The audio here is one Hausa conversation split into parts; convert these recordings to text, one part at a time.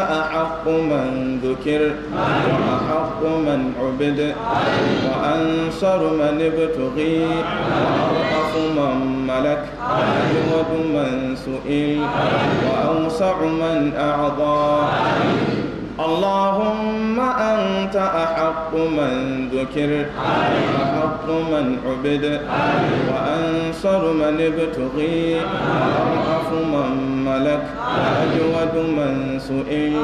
أحق من ذكر وأحق من عبد وأنصر من ابتغي وأرأف من ملك أجود من سئل وأوسع من أعضى اللهم أنت أحق من ذكر أحق من عبد وأنصر من ابتغي وأرأف من ملك وأجود من سئل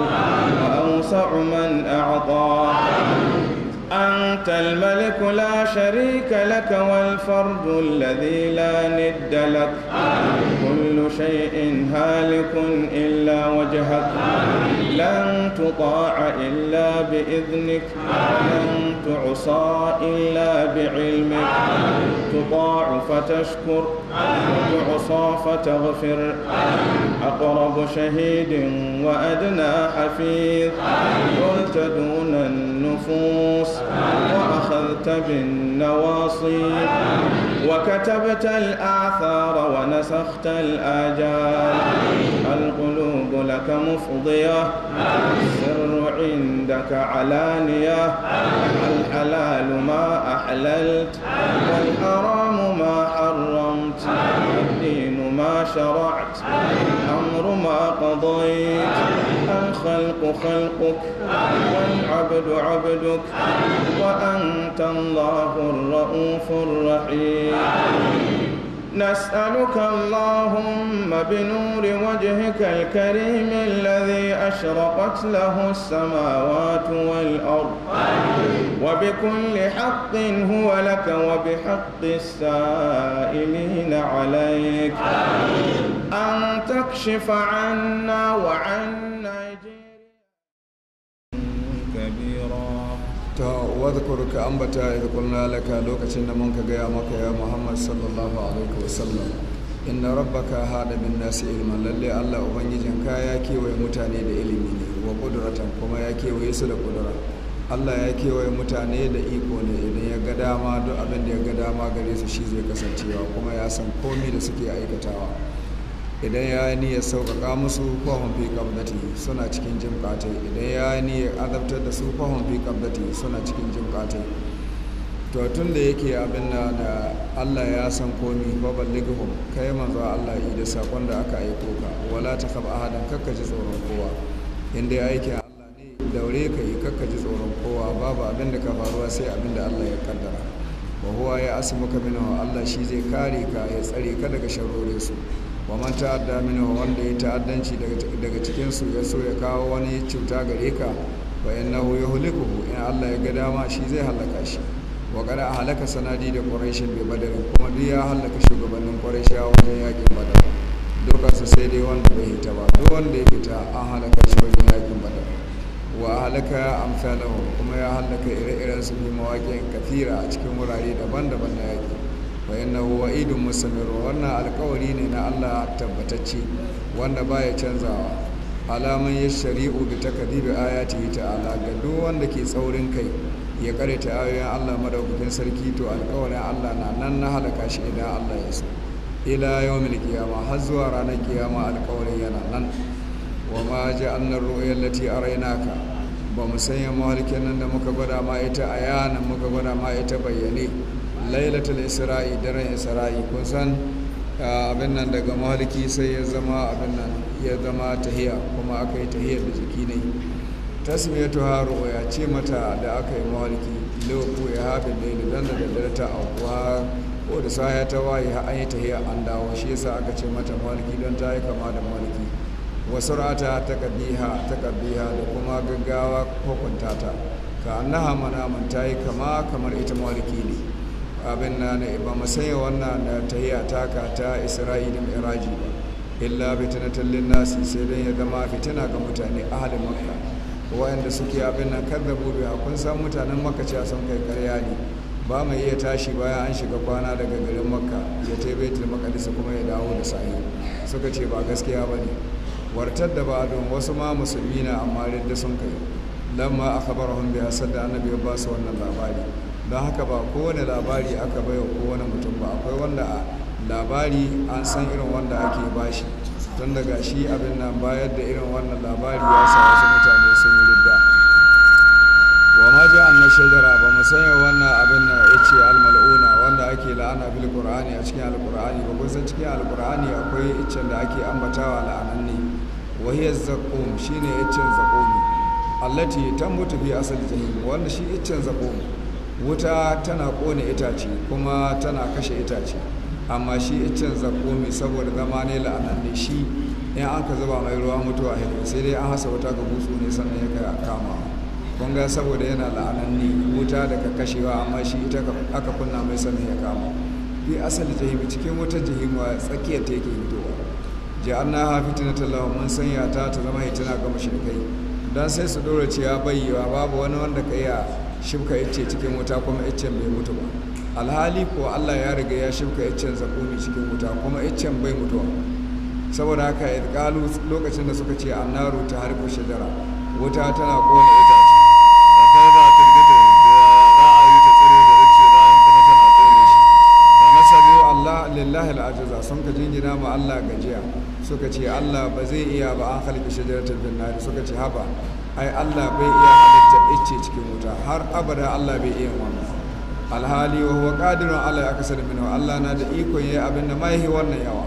وأوسع من أعطى أنت الملك لا شريك لك والفرد الذي لا ند لك كل شيء هالك إلا وجهك لن تطاع إلا بإذنك لن تعصى إلا بعلمك تطاع فتشكر وتعصى فتغفر أقرب شهيد وأدنى حفيظ قلت دون الناس النفوس وأخذت بالنواصي وكتبت الآثار ونسخت الآجال القلوب لك مفضية السر عندك علانية الحلال ما أحللت والحرام ما حرمت شرعت الأمر ما قضيت الخلق خلقك والعبد عبدك وأنت الله الرؤوف الرحيم نسألك اللهم بنور وجهك الكريم الذي أشرقت له السماوات والأرض وبكل حق هو لك وبحق السائلين عليك أن تكشف عنا وعن wadda kuruka ambata idh kuna laka lokacin da mun gaya maka ya muhammad sallallahu alaihi wasallam inna rabbaka haɗa bin nasi ilman lalle allah ubangijin ka ya kewaye mutane da ilimi ne wa kudratan kuma ya kewaye su da kudura allah ya kewaye mutane da iko ne idan ya ga dama duk abin da ya ga dama gare su shi zai kasancewa kuma ya san komi da suke aikatawa idan ya yi niyyar sauƙaƙa musu kwahon fi ƙabdati suna cikin jin idan ya yi niyyar azabtar da su kwahon fi ƙabdati suna cikin jin ƙatai to tun da yake abin da da allah ya san komi babal ligahum kai manzo allah yi da saƙon da aka aiko ka wala ta kaba ahadan kakka ji tsoron kowa inda ya aikin allah ne daure ka yi kakka ji tsoron kowa babu abin da ka faruwa sai abin da allah ya kaddara wa huwa ya asmuka minhu allah shi zai kare ka ya tsare ka daga sharorin su wa man ta'adda wa wanda ya ta'addanci daga cikin ya so ya kawo wani cuta gare ka wa innahu yuhlikuhu in Allah ya ga dama shi zai halaka shi wa a halaka sanadi da quraishin bi badar kuma duk ya halaka shugabannin quraishawa wajen yakin badar su sai dai wanda bai hita ba duk wanda ya fita an halaka shi wajen yakin badar wa halaka amsalahu kuma ya halaka ire-iren su bi mawaƙin kafira a cikin wurare daban-daban na yaƙi wa innahu musamman musamir wannan alkawari ne na Allah tabbatacce wanda baya canzawa alaman ya shari'u bi takdibi ayatihi ta'ala ga duk wanda ke tsaurin kai ya karanta ayoyin Allah madaukakin sarki to alkawarin Allah na nan na halaka shi idan Allah ya so ila yawmin qiyama har zuwa ranar kiyama alkawarin yana nan wa ma ja'alna ar-ru'ya allati araynaka ba mu sanya mahalkin nan da muka gwada ma ita ayanan muka gwada ma ita bayyane lailatul isra'i daren isra'i kun san abin nan daga mahalki sai ya zama abin nan ya zama tahiya kuma aka yi tahiyar da jiki ne tasmiyatu haro ya ce mata da aka yi mahalki lauku ya hafi daidai don da daddare ta abuwa ko da sa ta waye a an yi tahiyar an dawo shi yasa aka ce mata mahalki don ta yi kama da mahalki wasu rata ta kabiha ta kabiha da kuma gaggawa kwakwanta ta ka annaha mun ta yi kama kamar ita mahaliki ne abin na ba mu sanya wannan da yi taka ta isra'i da miraji ba illa tallin nasi sai dai ya zama fitina ga mutane ahalin makka wa'anda suke abin nan kadzabu bi kun san mutanen makka cewa sun kai karya ne ba mu iya tashi bayan an shiga kwana daga garin makka ya ta baitul kuma ya dawo da sahi suka ce ba gaskiya ba ne. wartar da ba don wasu ma musulmi na amma da sun kai lamma akhbarahum bi asad da annabi ya ba su wannan labari don haka ba kowane labari aka bai wa kowane mutum ba akwai wanda a labari an san irin wanda ake bashi don daga shi abin nan bayar da irin wannan labari ya sa wasu mutane sun yi ridda wa ma ji an na shajara ba mu sanya wannan abin na ya ce almal'una wanda ake la'ana bil qur'ani a cikin alqur'ani ba kun san cikin alqur'ani akwai iccen da ake ambatawa ne wa hiya zaqum shine iccen zaqum allati tamutu bi asal jahim wanda shi iccen zaqum wuta tana kone itace kuma tana kashe itace amma shi iccen zakomi saboda zama ne la'ananne shi in an ka zuba mai ruwa mutuwa hannu, sai dai an hasa wuta ga butsu ne sannan ya kama kun saboda yana la'ananne wuta daga kashewa amma shi ita aka kunna mai sannan ya kama bi asali jahimi cikin wata jahima tsakiyar ta yake hitowa ja'anna ha na tallawa, mun sanya ta ta zama hitina ga mashirkai dan sai su dora ciya bayyawa babu wani wanda ka iya shibka ce cikin wuta kuma icen bai mutu ba alhali ko Allah ya riga ya shibka icen zakuni cikin wuta kuma icen bai mutu ba saboda haka ya kalu lokacin da suka ce annaru ta harko shajara wuta tana kona itace da kai ba da tana kone shi da Allah lillahi al'ajiza sun ka jingina ma Allah gajiya suka ce Allah ba zai iya ba an halki shajaratul binnari suka ce haba ai Allah bai iya halitta ice cikin wuta har abada Allah bai iya wani alhali wa huwa qadirun ala akasar minhu Allah na da ikon yayi abin da mai wannan yawa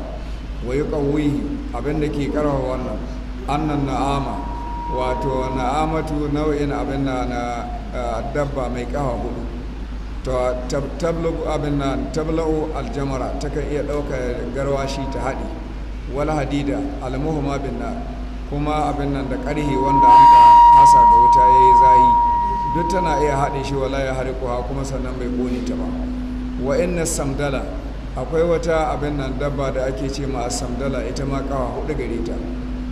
wa yuqawwihi abin da ke karawa wannan annan na'ama wato na'amatu nau'in abin da na dabba mai kawa hudu to tablagu abin nan tablau aljamara kan iya ɗaukar garwashi ta haɗi wala hadida almuhma bin nar kuma abin nan da ƙarhe wanda an ka hasa ga wuta ya yi zahi duk tana iya haɗe shi wala ya kuwa, kuma sannan bai ƙone ta ba wa inna samdala akwai wata abin nan dabba da ake ce ma samdala ita ma kawa hudu gare ta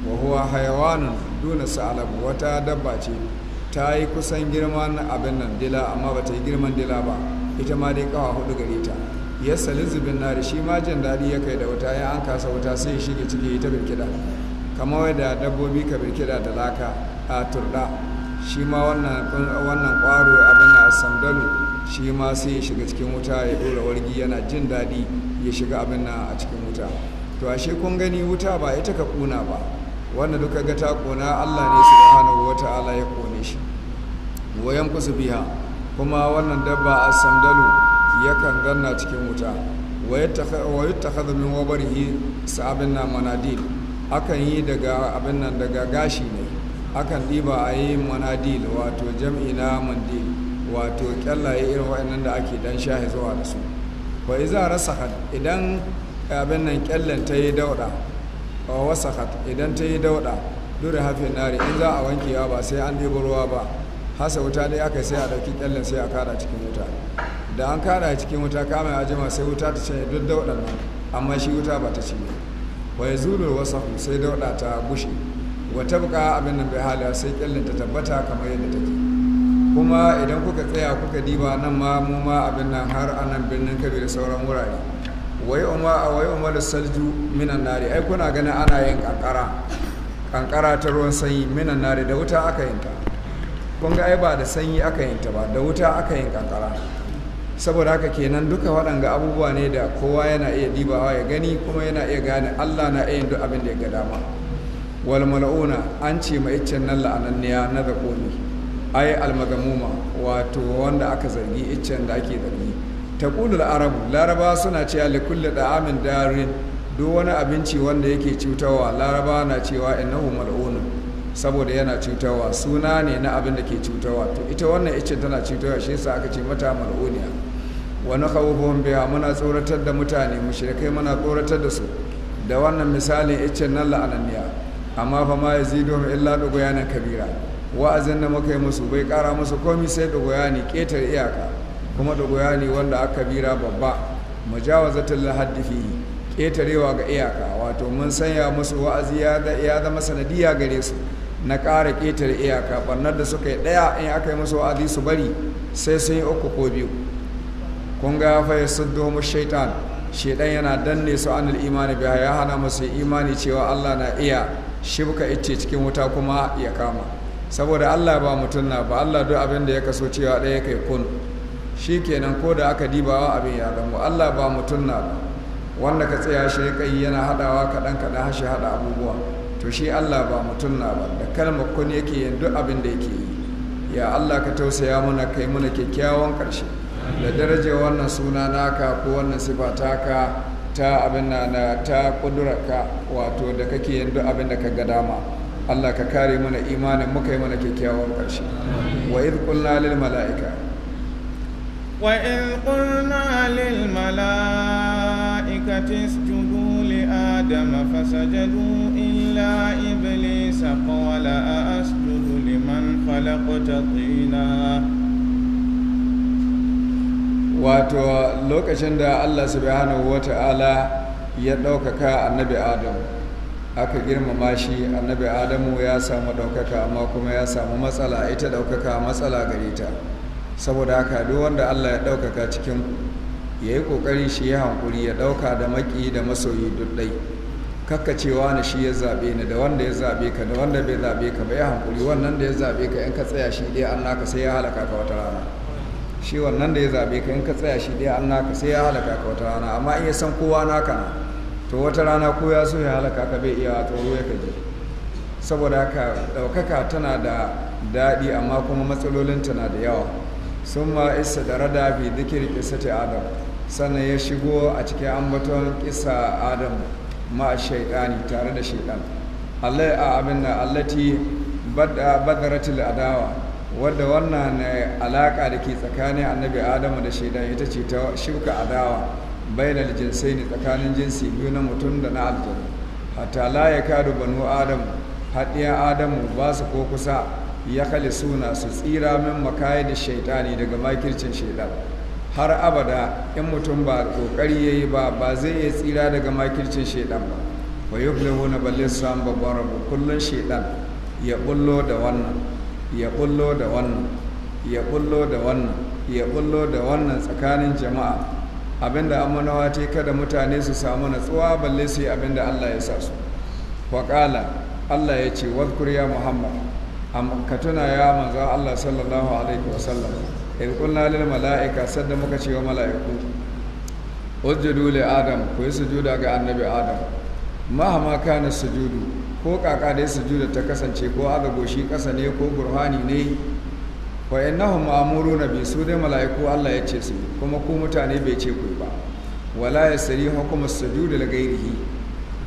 wa huwa hayawanun duna sa'alabu wata dabba ce ta yi kusan girman abin nan dila amma ba ta yi girman dila ba ita ma dai kawa hudu gare ta ya salizubin nari shi ma jin daɗi ya kai da wuta ya an kasa wuta sai ya shige ciki ita kiɗa. kamar da dabbobi ka kira da laka a turda shi ma wannan kwaro abin a sandalu shi ma sai ya shiga cikin wuta ya dora wargi yana jin daɗi ya shiga abin nan a cikin wuta to ashe kun gani wuta ba ita ka kuna ba wanda duka ga ta kuna Allah ne su wata ala ya kone shi wayan kusa biya kuma wannan dabba a sandalu yakan ganna cikin wuta wayattakhadhu min yi sa'abin na manadil akan yi daga abin nan daga gashi ne akan ɗiba a yi manadil wato jam'i na mandil wato kyallaye irin waɗannan da ake dan shahi zuwa da su wa iza rasahat idan abin nan kyallen ta yi dauɗa wa wasahat idan ta yi dauɗa dure hafi nari in za a wankewa ba sai an ɗebo ruwa ba hasa wuta dai aka sai a ɗauki kyallen sai a kara cikin wuta da an kara cikin wuta kama ya jima sai wuta ta ce duk dauɗan nan amma shi wuta ba ta ci ne wa ya zuru wasa sai dauɗa ta bushe wata buka abin nan bai hala sai kyallin ta tabbata kamar yadda take kuma idan kuka tsaya kuka diba nan ma mu ma abin nan har anan birnin kabi da sauran wurare wai umma wai umma da salju minan nari ai kuna ganin ana yin kankara kankara ta ruwan sanyi minan nari da wuta aka yin ta kun ga ai ba da sanyi aka yin ta ba da wuta aka yin kankara saboda haka kenan duka waɗanga abubuwa ne da kowa yana iya dibawa ya gani kuma yana iya gane allah na iya duk abin da ya ga dama wal mal'una an ce ma iccen nan la'ananniya na zakoni ai almagamuma wato wanda aka zargi iccen da ake zargi taqulul arabu laraba suna ce li da amin darin duk wani abinci wanda yake cutarwa laraba na cewa innahu mal'una saboda yana cutawa, suna ne na abin da ke cutawa. to ita wannan iccen tana cutarwa shi yasa aka ce mata mal'uniya wani kawubuhun biya muna tsoratar da mutane mushrikai muna tsoratar da su da wannan misalin iccen nan la'ananniya amma fa ma yazidu illa dugoyanan kabira wa'azin da muka yi musu bai kara musu komi sai dugoyani ketar iyaka kuma dugoyani wanda aka kabira babba mujawazatul haddi fihi ketarewa ga iyaka wato mun sanya musu wa'azi ya zama sanadiya gare su na kara ƙetare iyaka ɓarnar da suka yi ɗaya in aka yi musu wa'azi su bari sai sun yi uku ko biyu Kunga ga fa yasuddu mu shaitan shaitan yana danne su an imani biya ya hana musu imani cewa Allah na iya shibka ice cikin wuta kuma ya kama saboda Allah ba mutum na ba Allah duk abin da ya kaso cewa ɗaya kai kun shi kenan ko da aka dibawa abin ya zamo Allah ba mutum na ba wanda ka tsaya shi kai yana hadawa kaɗan kaɗan har hada abubuwa to shi Allah ba mutum na ba da kalmar kun yake yin duk abin da yake yi ya Allah ka tausaya mana kai mana kyakkyawan ƙarshe da daraja wannan suna naka ko wannan sifa taka ta abin na ta kudurarka wato da kake yin duk abin da ka ga dama Allah ka kare mana imanin muka yi mana kyakkyawan ƙarshe wa idh qulna lil mala'ika wa idh qulna lil mala'ikati isjudu li adama fasajadu illa iblisa qala asjudu liman khalaqta tina wato lokacin da allah subhanahu wa ta'ala ya ɗaukaka annabi adamu aka girmama shi annabi adamu ya samu ɗaukaka amma kuma ya samu matsala ita ɗaukaka matsala gare ta saboda haka duk wanda allah ya ɗaukaka cikin ya yi ƙoƙarin shi ya hankuri ya ɗauka da maƙi da masoyi duk ɗai kakkacewa na shi ya zaɓe ni da wanda ya zaɓe ka da wanda bai zaɓe ka ba ya hankuri wannan da ya zaɓe ka in ka tsaya shi dai an naka sai ya halaka ka wata rana shi wannan da ya zaɓe ka in ka tsaya shi dai an naka sai ya halaka ka wata rana amma in ya san kowa naka na to wata rana ko ya so ya halaka ka bai iya tsoro ya kaji saboda haka ɗaukaka tana da daɗi amma kuma ta na da yawa sun ma isa da rada fi dikir ta adam sannan ya shigo a cikin ambaton kisa adam ma shaidani tare da shaidan allah a abin da allati badaratul adawa wadda wannan eh, alaƙa da ke tsakanin annabi adamu da shaida ita ce ta shuka adawa bainal jinsai ne tsakanin jinsi biyu na mutum da na aljanu hatta la ya kadu banu adamu haɗiya adamu ba su ko kusa ya kali suna su tsira min makayi da shaitani daga makircin shaidan har abada in mutum ba ƙoƙari ya yi ba ba zai iya tsira daga makircin shaidan ba wa yuflihu na ballin su samu babban rabu kullum shaidan ya bullo da wannan ya bullo da wannan ya bullo da wannan ya bullo da wannan tsakanin jama'a abinda amanawa ce kada mutane su samu natsuwa balle su yi abinda Allah ya sa su waƙala Allah ya ce wadkur ya Muhammad ka tuna ya manzo Allah sallallahu alaihi sallam in kunna lil mala'ika sadda muka ce wa mala'iku ujudu li adam ku yi sujuda ga annabi adam mahama kana sujudu ko kaka dai sujuda ta kasance ko aga goshi kasa ne ko burhani ne wa innahum na bi su dai mala'iku Allah ya ce su kuma ku mutane bai ce ku ba wala yasri sujuda la ghairihi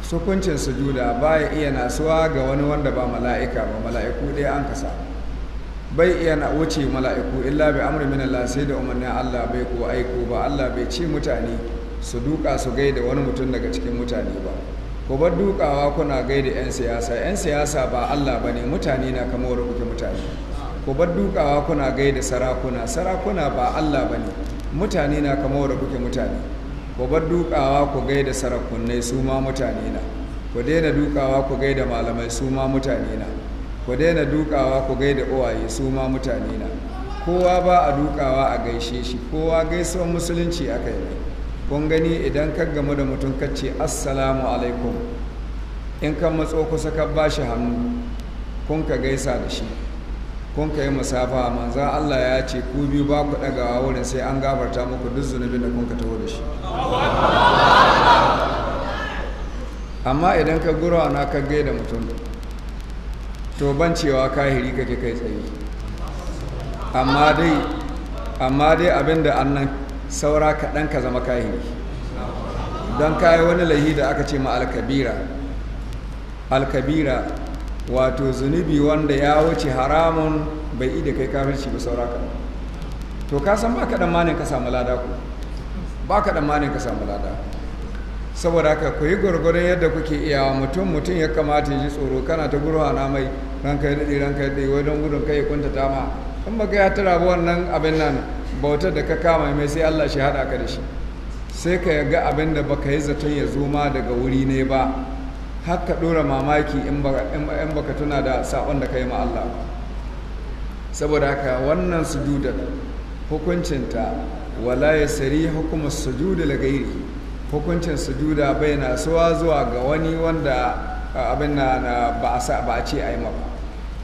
sukuncin sujuda baya iya nasuwa ga wani wanda ba mala'ika ba mala'iku ɗaya an kasa bai iya na wuce mala'iku illa bai amri min Allah da umarnin Allah bai ko aiko ba Allah bai ce mutane su duka su gaida wani mutum daga cikin mutane ba ku bar dukawa kuna gaida 'yan siyasa 'yan siyasa ba allah ba ne mutane na kama wadda kuke mutane ku bar dukawa kuna gaida sarakuna sarakuna ba allah ba ne mutane na kama wadda kuke mutane ku bar dukawa ku gaida sarakunai su ma mutane na ku daina dukawa ku gaida malamai su ma mutane na ku daina dukawa ku gaida uwaye su ma mutane na kowa ba a dukawa a gaishe shi kowa gaisuwar musulunci aka yi kun gani idan ka gama da mutum ka ce assalamu alaikum in ka matso kusa ka ba shi hannu kun ka gaisa da shi kun ka yi musafa manza Allah ya ce ku biyu ba ku ɗagawa wurin sai an gafarta muku duk zunubin da kun ka taho da shi amma idan ka gura na ka gaida mutum to ban cewa kahiri kake kai tsaye amma dai amma dai abinda annan saura kaɗan ka zama kahiri don kayi wani laihi da aka ce ma alkabira alkabira wato zunubi wanda ya wuce haramun bai ida kai kafirci ba saura kaɗan to ka san ba kaɗan manin ka samu lada ku ba kaɗan manin ka samu lada saboda haka ku yi gwargwaron yadda kuke wa mutum mutum ya kamata ya ji tsoro kana ta gurwa na mai ranka ya daɗe ranka ya daɗe wai don gudun kai ya kunta ta ma in ba ka ya tara wannan abin nan bautar da ka kama mai sai Allah shi haɗa ka da shi sai ka yaga abin da baka yi zaton ya zo ma daga wuri ne ba har ka ɗora mamaki in baka tuna da saƙon da ka yi ma Allah saboda haka wannan sujudar hukuncinta wala ya sari hukumar sujuda da gairi hukuncin sujuda bai na suwa zuwa ga wani wanda abin na ba a ce a yi ma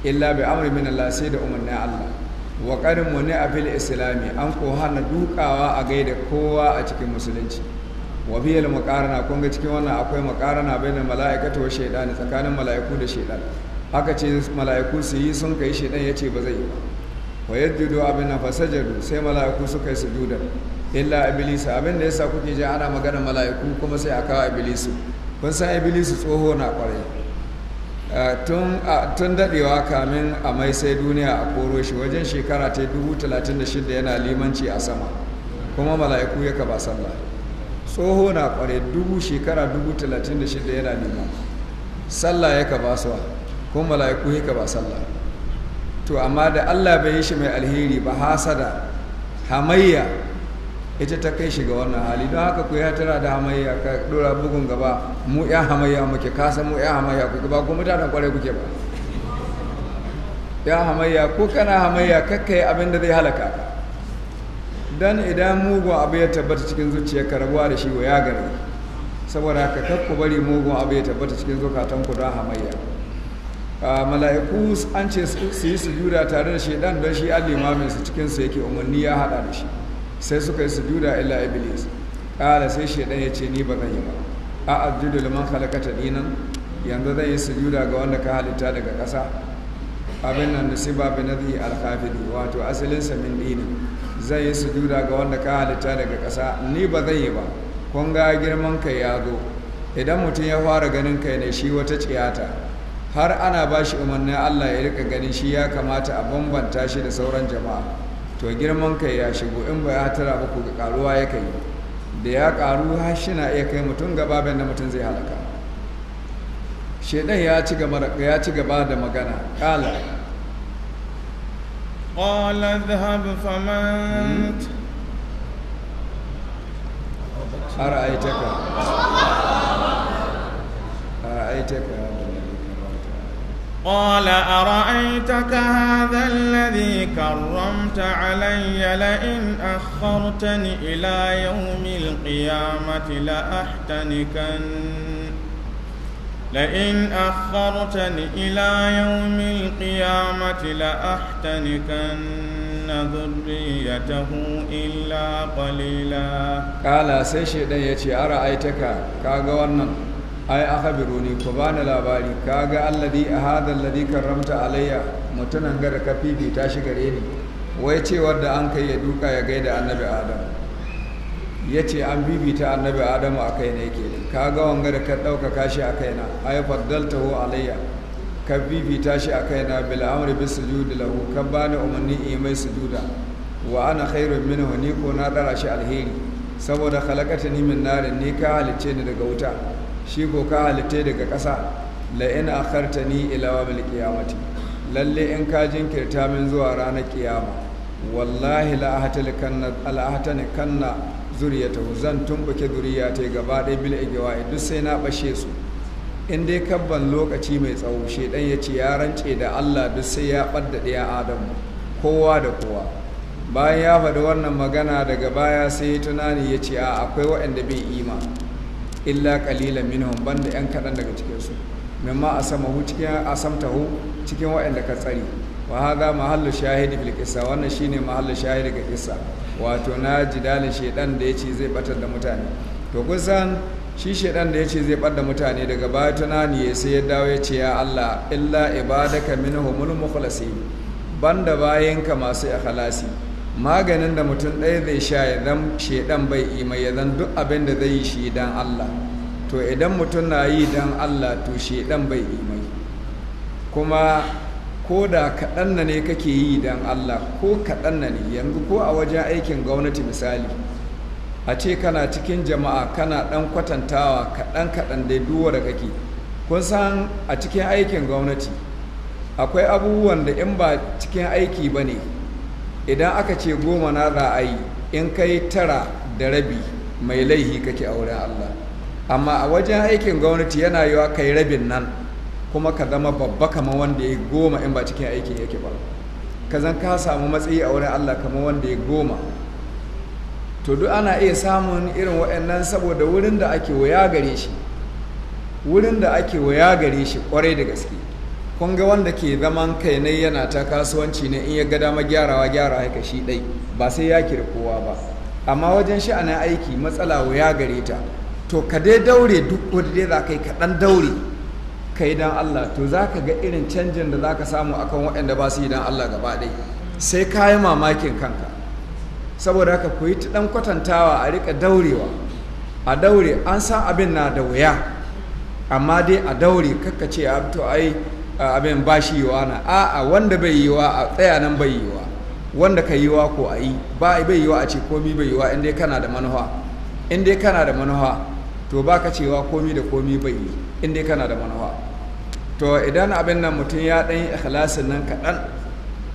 illa bai amurmin Allah sai da umarnin Allah wa ƙarin ne a fil islami an ko hana dukawa a gaida kowa a cikin musulunci wa biyal muqarana kun ga cikin wannan akwai muqarana da mala'ikati wa shaytan tsakanin mala'iku da shaytan haka ce mala'iku su yi sun kai shaidan ya ce ba zai yi ba wa do abin na fasajadu sai mala'iku suka yi sujudan illa iblisa abin da yasa kuke ji ana magana mala'iku kuma sai a kawo iblisu kun san iblisu tsoho na kwarai tun daɗewa kamin a mai sai duniya a koro shi wajen shekara ta 36 yana limanci a sama kuma mala'iku ya ka ba sallah tsoho na kware dubu shekara 36 yana liman sallah ya ba suwa kuma mala'iku ya ka ba sallah to amma da allah bai yi shi mai alheri ba hasada hamayya ita ta kai shi ga wannan hali don haka ku ya tara da hamayya ka dora bugun gaba mu ya hamayya muke kasa mu ya hamayya kuke ba ku mutanen kwarai kuke ba ya hamayya ko kana hamayya kakkai abin da zai halaka ka dan idan mugun abu ya tabbata cikin zuciya ka rabuwa da shi wa ya gari saboda haka kakku bari mugun abu ya tabbata cikin zukatan ku don hamayya mala'iku an ce su yi sujuda tare da shi dan don shi an limamin su cikin su yake umarni ya hada da shi sai suka yi sujuda illa iblis kala sai shaidan ya ce ni ba zan yi ba a abjudu liman khalaqata dinan yanzu zan yi sujuda ga wanda ka halitta daga ƙasa abin nan nasiba bi nadhi al-khafidi wato asalin sa min dinin zan yi sujuda ga wanda ka halitta daga ƙasa ni ba zan yi ba kun ga girman kai ya zo idan mutum ya fara ganin kai ne shi wata ciyata har ana ba shi umarnin Allah ya rika ganin shi ya kamata a bambanta shi da sauran jama'a to girman kai ya shigo in ba ya tara ba ku ga karuwa ya kai da ya karu hashi ya iya kai mutum gaba bayan da mutum zai halaka shedan ya ci gaba ya ci gaba da magana qala qala dhhab faman ayta ka قال أرأيتك هذا الذي كرمت علي لئن أخرتني إلى يوم القيامة لأحتنكن لئن أخرتني إلى يوم القيامة لأحتنكن ذريته إلا قليلا قال سيشي دن يتي أرأيتك كاغوانا ai akhbiruni ku bani labari kaga alladhi hada alladhi karramta alayya mutunan ga da ka ta shi gare ni wai cewar da an kai ya duka ya gaida annabi adam ya ce an bibita annabi adamu a kai ne ke ka ga wanga da ka ɗauka kashi a kai na ai faddalta ho alayya ka bibita shi a kai na bil amri bis lahu ka bani umarni imai mai sujuda wa ana khairun minhu ni ko na dara shi alheri saboda khalaqatani min narin ni ka halice ni daga wuta shi ko ka halitta daga ƙasa la in ni ila qiyamati lalle in ka jinkirta min zuwa ranar kiyama wallahi la al la kanna zuriyata zan tumbuke zuriya ta gaba ɗaya bil igwa duk sai na bashe su in dai kabban lokaci mai tsawo shedan ya ce ya rance da Allah duk sai ya ɓadda ɗaya adamu kowa da kowa bayan ya faɗi wannan magana daga baya sai tunani ya ce a akwai waɗanda bai ima illa qalilan minhum banda yan kadan daga cikin su mimma asamahu cikin asamtahu cikin wa'anda ka tsari wa hadha mahallu shahidi bil qissa wannan shine mahallu shahidi ga qissa wato na jidalin shedan da yace zai batar da mutane to kusan shi shedan da yace zai batar da mutane daga baya tunani sai ya dawo ya ce ya Allah illa ibadaka minhumul mukhlasin banda bayanka masu ikhlasi maganin da mutum ɗaya zai sha ya zan shaidan bai ima ya zan duk abin da zai yi shi dan Allah to idan mutum na yi dan Allah to shaidan bai ima kuma ko da kaɗan na ne kake yi dan Allah ko kaɗan na ne yanzu ko a wajen aikin gwamnati misali a ce kana cikin jama'a kana ɗan kwatantawa kaɗan kaɗan dai duwa kake kun san a cikin aikin gwamnati akwai abubuwan da in ba cikin aiki ba ne idan aka ce goma na za a yi in kai tara da rabi mai laihi kake a wurin Allah amma a wajen aikin gwamnati yana yiwa kai rabin nan kuma ka zama babba kamar wanda ya goma in ba cikin aikin yake ba ka zan ka samu matsayi a wurin Allah kamar wanda ya goma to duk ana iya samun irin waɗannan saboda wurin da ake waya gare shi wurin da ake waya gare shi kwarai da gaske kun ga wanda ke zaman kai ne yana ta kasuwanci ne in ya ga dama gyarawa gyara haka shi dai ba sai ya kira kowa ba amma wajen sha'anin aiki matsala ya gare ta to ka dai daure duk wanda dai za ka yi kaɗan daure ka yi don Allah to za ka ga irin canjin da za ka samu akan waɗanda ba su yi don Allah gaba ɗai sai ka yi mamakin kanka saboda haka ku yi ta ɗan kwatantawa a riƙa daurewa a daure an san abin na da wuya amma dai a daure kakka ce a to ai abin ba shi yiwa na a'a wanda bai yiwa a tsaya nan bai yiwa wanda ka yiwa ko a yi ba bai yiwa a ce komi bai yiwa inda dai kana da manuwa. Inda dai kana da manuwa to ba ka cewa komi da komi bai yi Inda dai kana da manuwa. to idan abin nan mutum ya ɗan yi ikhlasin nan kaɗan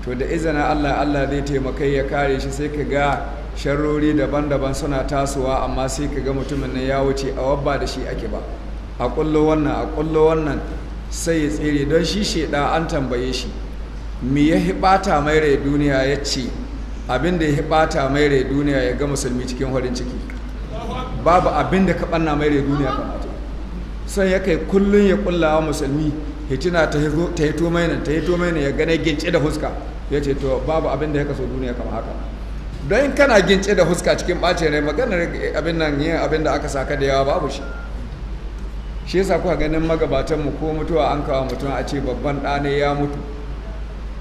to da izina allah allah zai taimaka ya kare shi sai ka ga sharrori daban-daban suna tasowa amma sai ka ga mutumin nan ya wuce a wabba da shi ake ba a kullo wannan a kullo wannan sai ya tsere don shi shaidan an tambaye shi me ya hibata mai rai duniya ya ce abin da ya hibata mai rai duniya ya ga musulmi cikin farin ciki babu abin da ka banna mai rai duniya kamata son ya kai kullum ya kullawa musulmi hitina ta hito mai nan ta hito mai nan ya gane gince da huska ya ce to babu abin da ya kaso duniya kama haka don kana gince da huska cikin bacin rai maganar abin nan yin abin da aka saka da yawa babu shi shi yasa kuka ganin magabatan mu ko mutuwa an kawo mutum a ce babban ɗanai ya mutu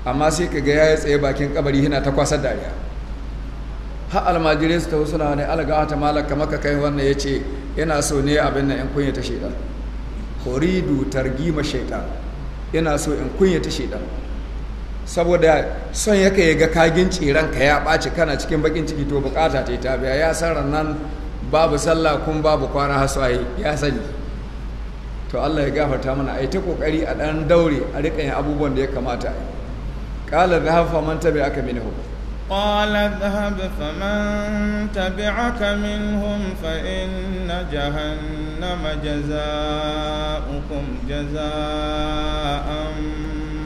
amma sai ka ga ya tsaye bakin kabari yana ta kwasa dariya har almajirai su taho suna ne alga ta malaka maka kai wannan ya ce yana so ne abin nan in kunya ta shaidan horidu targima shaidan yana so in kunya ta shaidan saboda son yaka ya ga kagin tsiran ka ya ɓaci kana cikin bakin ciki to bukata ta yi tabiya ya san nan babu sallah kun babu kwana haswaye ya sani to Allah ya gafarta mana a yi ta kokari a ɗan daure a riƙa yin abubuwan da ya kamata a yi ƙala hafa man tabi aka minhu da hafa faman tabi aka minhum fa na jahannama an jaza'an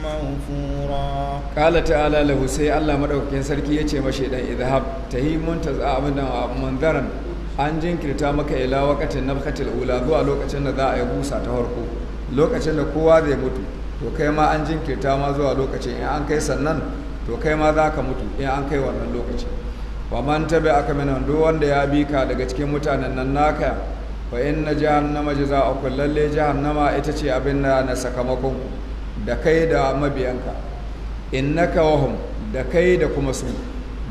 mawfura ta Ala lahu sai Allah maɗaukakin sarki ya ce mashi dan idhab tahimun abin da manzaran an jinkirta maka ila wakatin nafkatil ula zuwa lokacin da za a yi busa ta farko lokacin da kowa zai mutu to kai ma an jinkirta ma zuwa lokacin in an kai sannan to kai ma za ka mutu in an kai wannan lokaci wa man tabi aka minan duk wanda ya bi ka daga cikin mutanen nan naka fa inna jahannama jazaa'ukum lalle jahannama ita ce abin da na sakamakon da kai da mabiyanka innaka wahum da kai da kuma su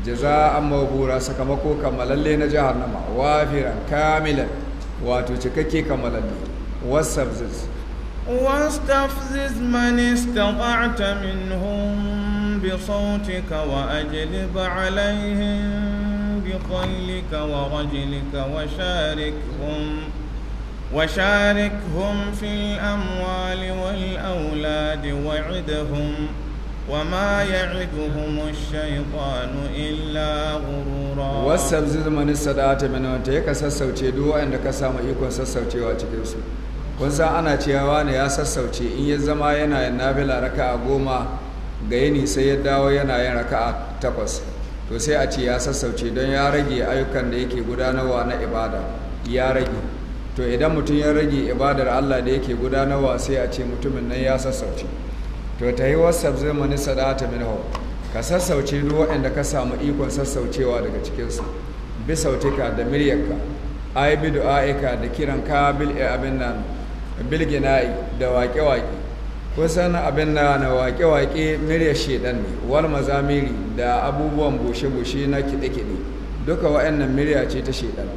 jaza'an mabura sakamako kammalalle na jahannama wafiran kamilan wato cikakke kammalalle wasafziz واستفزز من استطعت منهم بصوتك وأجلب عليهم بخيلك ورجلك وشاركهم وشاركهم في الأموال والأولاد وعدهم وما يعدهم الشيطان إلا غرورا واستبزز من استطعت منهم تيك سسوتي دو عندك سامع يكون سسوتي واتكي kun san ana cewa ne ya sassauce in ya zama yana yin nafila raka'a goma ga yini sai ya dawo yana yin raka'a takwas to sai a ce ya sassauce don ya rage ayyukan da yake gudanarwa na ibada ya rage to idan mutum ya rage ibadar allah da yake gudanarwa sai a ce mutumin nan ya sassauce to ta yi wasaf zai mani sadata min hau ka sassauce duk waɗanda ka samu ikon sassaucewa daga cikinsu bi sautika da miryarka ai bi du'a'ika da kiran ka bil eh, abin nan bilgina'i da waƙe-waƙe kusan abin na na waƙe-waƙe miryar shedan ne wal mazamiri da abubuwan bushe-bushe na kiɗe-kiɗe duka wa'annan murya ce ta shedan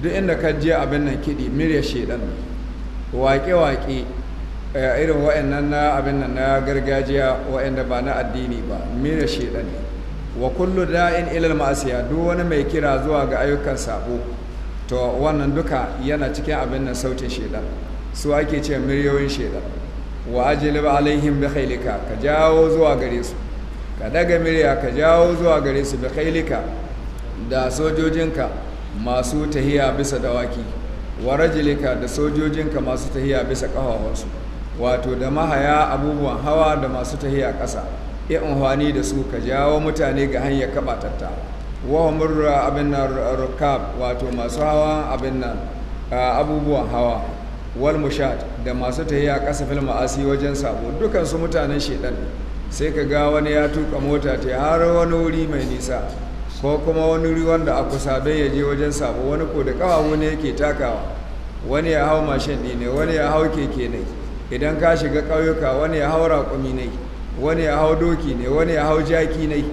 duk inda ka je abin nan kiɗi miryar shedan ne waƙe-waƙe Eh, irin wa'annan na abin nan na gargajiya wa'anda ba na addini ba shaidan shedani wa kullu da'in ilal ma'asiya duk wani mai kira zuwa ga ayyukan sabo to wannan duka yana cikin abin nan sautin shedan su ake ce miliyoyin shedan wa ajlib alaihim bi khailika ka jawo zuwa gare su ka daga murya ka jawo zuwa gare su bi khailika da sojojinka masu tahiya bisa dawaki wa rajulika da sojojinka masu tahiya bisa ƙafafunsu wato da mahaya abubuwan hawa da masu tahiya ƙasa ya amfani da su ka jawo mutane ga hanyar kabatatta murra abin nan rukab wato masu hawa abin nan abubuwan hawa wal mushat da masu tahiya ƙasa fil ma'asi wajen sabo dukansu su mutanen shedan sai ka ga wani ya tuka mota ta har wani wuri mai nisa ko kuma wani wuri wanda a kusa don ya je wajen sabo wani ko da kawawo ne yake takawa wani ya hau mashin ne wani ya hau keke ne idan ka shiga ƙauyuka wani ya hau raƙumi ne wani ya hau doki ne wani ya hau jaki ne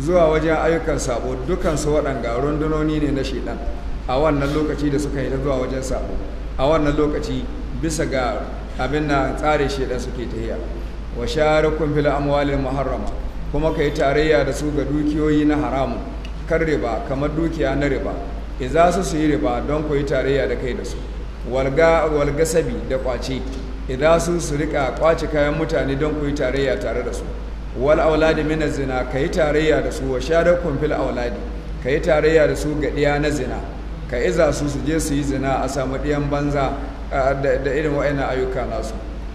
zuwa wajen ayyukan sabo dukansu waɗanga rundunoni ne na shiɗan a wannan lokaci da suka yi ta zuwa wajen sabo a wannan lokaci bisa ga abin na tsarin shiɗan suke yi wa sharikun fil amwalil muharrama kuma ka yi tarayya da su ga dukiyoyi na haramun kan riba kamar dukiya na riba za su su yi riba don ku yi tarayya da kai da su walga sabi da kwace idan su su rika kwace kayan mutane don ku yi tarayya tare da su wal auladi min zina ka yi tarayya da su wa sharar fil auladi ka yi tarayya da su ga ɗiya na zina ka iza su su je su yi zina a samu ɗiyan banza da irin wa'annan ayyuka nasu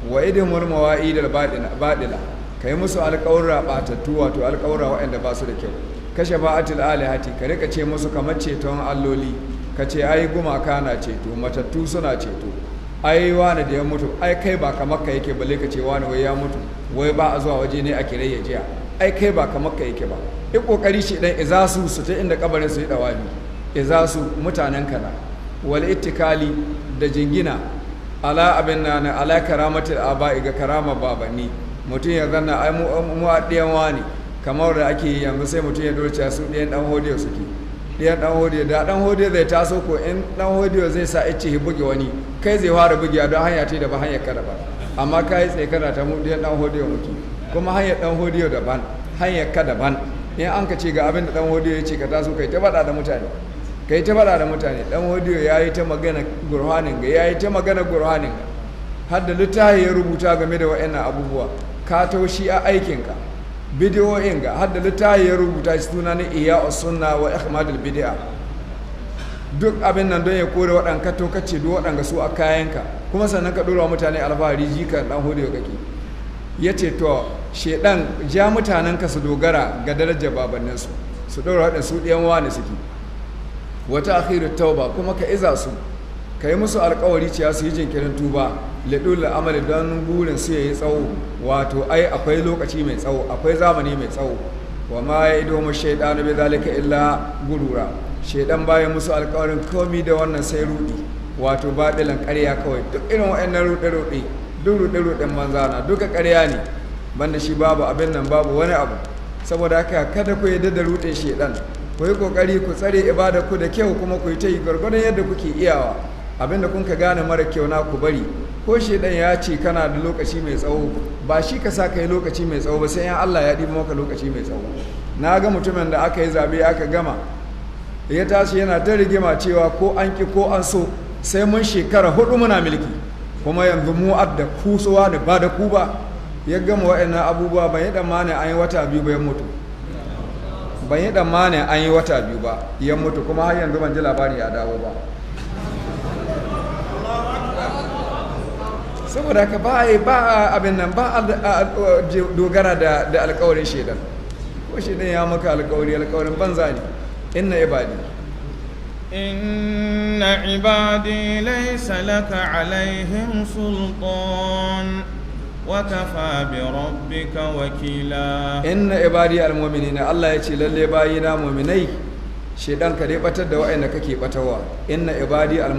wa idin murmawa idar badila ka yi musu alƙawura ɓatattu wato alƙawura wa'anda ba su da kyau kashe ba'atul alihati ka rika ce musu kamar ceton alloli ka ce ai gumaka na ceto matattu suna ceto ai wani da ya mutu ai kai ba kamar ka yake balle ka ce wani wai ya mutu wai ba a zuwa waje ne a kire ya jiya ai kai ba kamar ka yake ba i kokari shi dan izasu su ta inda kabarin su yi dawami izasu mutanen ka na wal ittikali da jingina ala abin nan ala karamatil aba'i ga karama babanni mutum ya zanna ai mu mu wani kamar da ake yanzu sai mutum ya dorce su ɗayan dan hodiyo suke ɗaya ɗan hodiyo da ɗan hodiyo zai taso ko in ɗan hodiyo zai sa ice ya buge wani kai zai fara buge don hanya ta daban hanyar kada ba amma ka yi tsaye kana ta mu ɗaya ɗan hodiyo muke kuma hanyar ɗan hodiyo daban hanyar ka daban in an ka ce ga abin da ɗan hodiyo ya ce ka taso kai ta faɗa da mutane kai ta faɗa da mutane ɗan hodiyo ya yi ta magana gurhanin ga ya yi ta magana gurhanin ga har da littafi ya rubuta game da wa'annan abubuwa ka taushi a aikinka bidiyoyin ga hada littafi ya rubuta shi suna ne iya sunna wa ihmadul bidi'a duk abin nan don ya kore waɗanka kato kace duk waɗanga su a kayanka kuma sannan ka ɗora mutane alfahari ka ɗan hudu kake ya ce to shedan ja mutanen ka su dogara ga darajar babannin su su ɗora waɗanda su ɗiyan wani suke wata akhiru tauba kuma ka iza su ka yi musu alkawari cewa su yi jinkirin tuba laɗula amali don burin su yayi tsawo wato ai akwai lokaci mai tsawo akwai zamani mai tsawo wa ma ya ido mu shaidanu bai zalika illa gurura shaidan bayan musu alkawarin komi da wannan sai rudi wato badilan ƙarya kawai duk irin wa'annan ruɗe ruɗe duk ruɗe ruɗen manza na duka ƙarya ne banda shi babu abin nan babu wani abu saboda haka kada ku yadda da ruɗe shaidan ku yi ƙoƙari ku tsare ibada ku da kyau kuma ku yi ta yi gwargwadon yadda kuke iyawa abinda kun ka gane mara kyau na ku bari ko shaidan ya ce kana da lokaci mai tsawo ba shi ka sa ka yi lokaci mai tsawo ba sai yan Allah ya ɗi maka lokaci mai tsawo na ga mutumin da aka yi zaɓe aka gama ya tashi yana ta rigima cewa ko an ki ko an so sai mun shekara hudu muna mulki kuma yanzu mu adda kusowa da ba da ku ya gama waɗannan abubuwa ban yi tsammani an yi wata biyu ba ya mutu ban yi an yi wata biyu ba ya mutu kuma har yanzu ban ji labari ya dawo ba saboda haka ba a yi ba abin nan ba a dogara da alkawarin shaidan ko shaidan ya maka alkawari alkawarin banza ne inna ibadi inna ibadi laysa laka alaihim sultan wa kafa bi rabbika wakila inna ibadi na Allah ya ce lalle bayi na mu'minai shaidan ka dai batar da wa'anda kake batawa inna ibadi na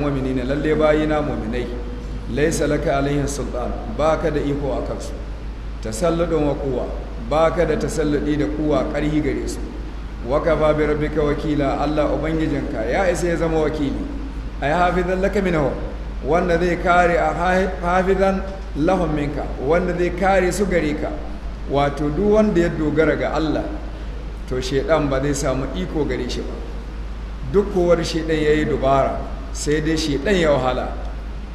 lalle bayi na mu'minai laisa laka alaihin sultan ba ka da iko a kansu tasalludin wa kuwa ka da tasalludi da kuwa karhi gare su waka ba bi rabbika wakila Allah ubangijinka ya isa ya zama wakili ay hafizan laka minhu wanda zai kare a hafizan lahum minka wanda zai kare su gare ka wato duk wanda ya dogara ga Allah to shedan ba zai samu iko gare shi ba duk kowar shedan yayi dubara sai dai shedan ya wahala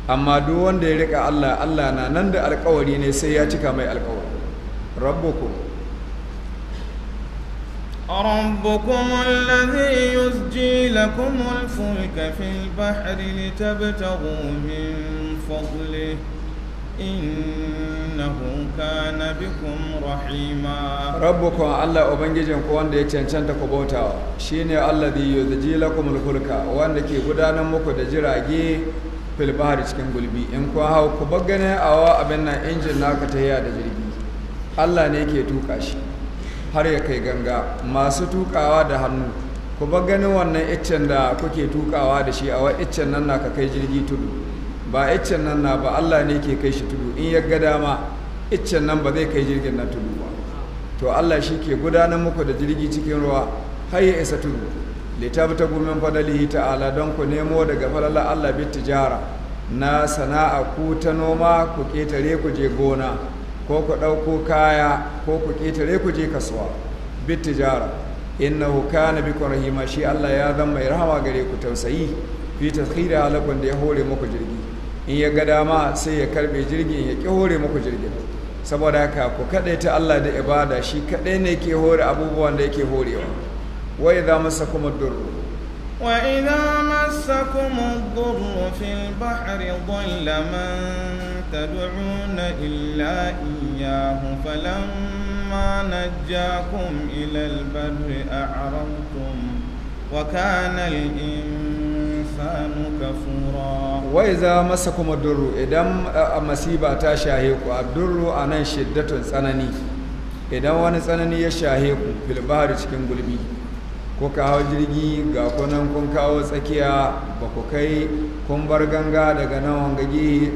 amma duk wanda ya rika Allah Allah na nan da alkawari ne sai ya cika mai alkawari rabbukum ربكم الذي يسجي لكم الفلك في البحر لتبتغوا من فضله innahu kana bikum rahima rabbukum Allah ubangijin ku wanda ya cancanta ku bautawa shine alladhi yudji lakum al wanda ke gudanar muku da jirage filbahar cikin gulbi in kuwa hau ku bagane awa abin nan injin naka ta yi da jirgi allah ne ke tuka shi har ya kai ganga masu tukawa da hannu ku bagane wannan iccen da kuke tukawa da shi awa iccen nan na ka kai jirgi tudu ba iccen nan na ba allah ne ke kai shi tudu in ya ga dama iccen nan ba zai kai jirgin na tudu ba to allah shi ke gudanar muku da jirgi cikin ruwa har ya isa tudu litabta gumin fadalihi ta'ala don ku nemo daga falala Allah bi tijara na sana'a ku ta noma ku ketare ku je gona ko ku ɗauko kaya ko ku ketare ku je kasuwa bi tijara innahu kana bikum rahima shi Allah ya zama mai rahama gare ku tausayi fi da halakun da ya hore muku jirgi in ya ga dama sai ya karbe jirgin ya ki hore muku jirgin saboda haka ku kadaita ta Allah da ibada shi kadai ne ke hore abubuwan da yake horewa wa idza masakum kuma duru. wa idza masakum ad-durr fil bahri dhalla man tad'una illa iyyahu falamma najjakum ila al-barri a'radtum wa kana al-insanu kafura wa idza masakum kuma duru idan masiba ta shahe ku duru a nan shiddatun tsanani idan wani tsanani ya shahe ku fil bahri cikin gulbi ko kawo jirgi ga kunan kun kawo tsakiya ba ku kai kun bar ganga daga nan wanga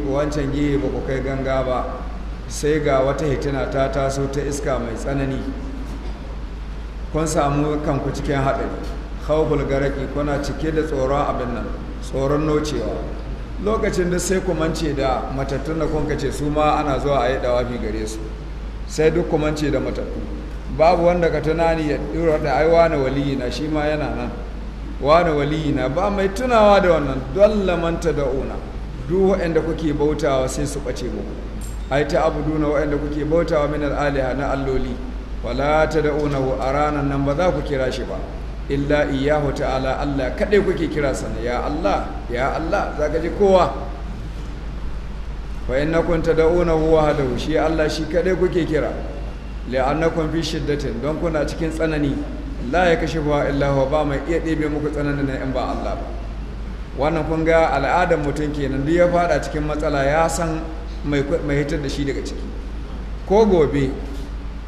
wancan gihi ba ku kai ganga ba sai ga wata hitina ta taso ta iska mai tsanani kun samu kanku cikin haɗari haubul garaki kuna cike da tsoron abin nan tsoron nocewa lokacin da sai kumance da matattun da kun ce su ma ana zuwa a yi dawafi gare su sai duk kumance da matattu babu wanda ka tunani ya dora da ai wani waliyi na shi ma yana nan wani waliyi na ba mai tunawa da wannan don manta da una duk waɗanda kuke bautawa sai su ɓace muku ai ta abu duna waɗanda kuke bautawa min al'aliya na alloli wala ta da una a ranar nan ba za ku kira shi ba illa iyahu ta'ala Allah kaɗai kuke kira sana ya Allah ya Allah za ka ji kowa ta innakum tad'unahu wahdahu shi Allah shi kaɗai kuke kira la'annakum fi shiddatin don kuna cikin tsanani la ya kashe ba illahu ba mai iya ɗebe muku tsananin in ba Allah ba wannan kun ga al'adar mutum kenan duk ya fada cikin matsala ya san mai hitar da shi daga ciki ko gobe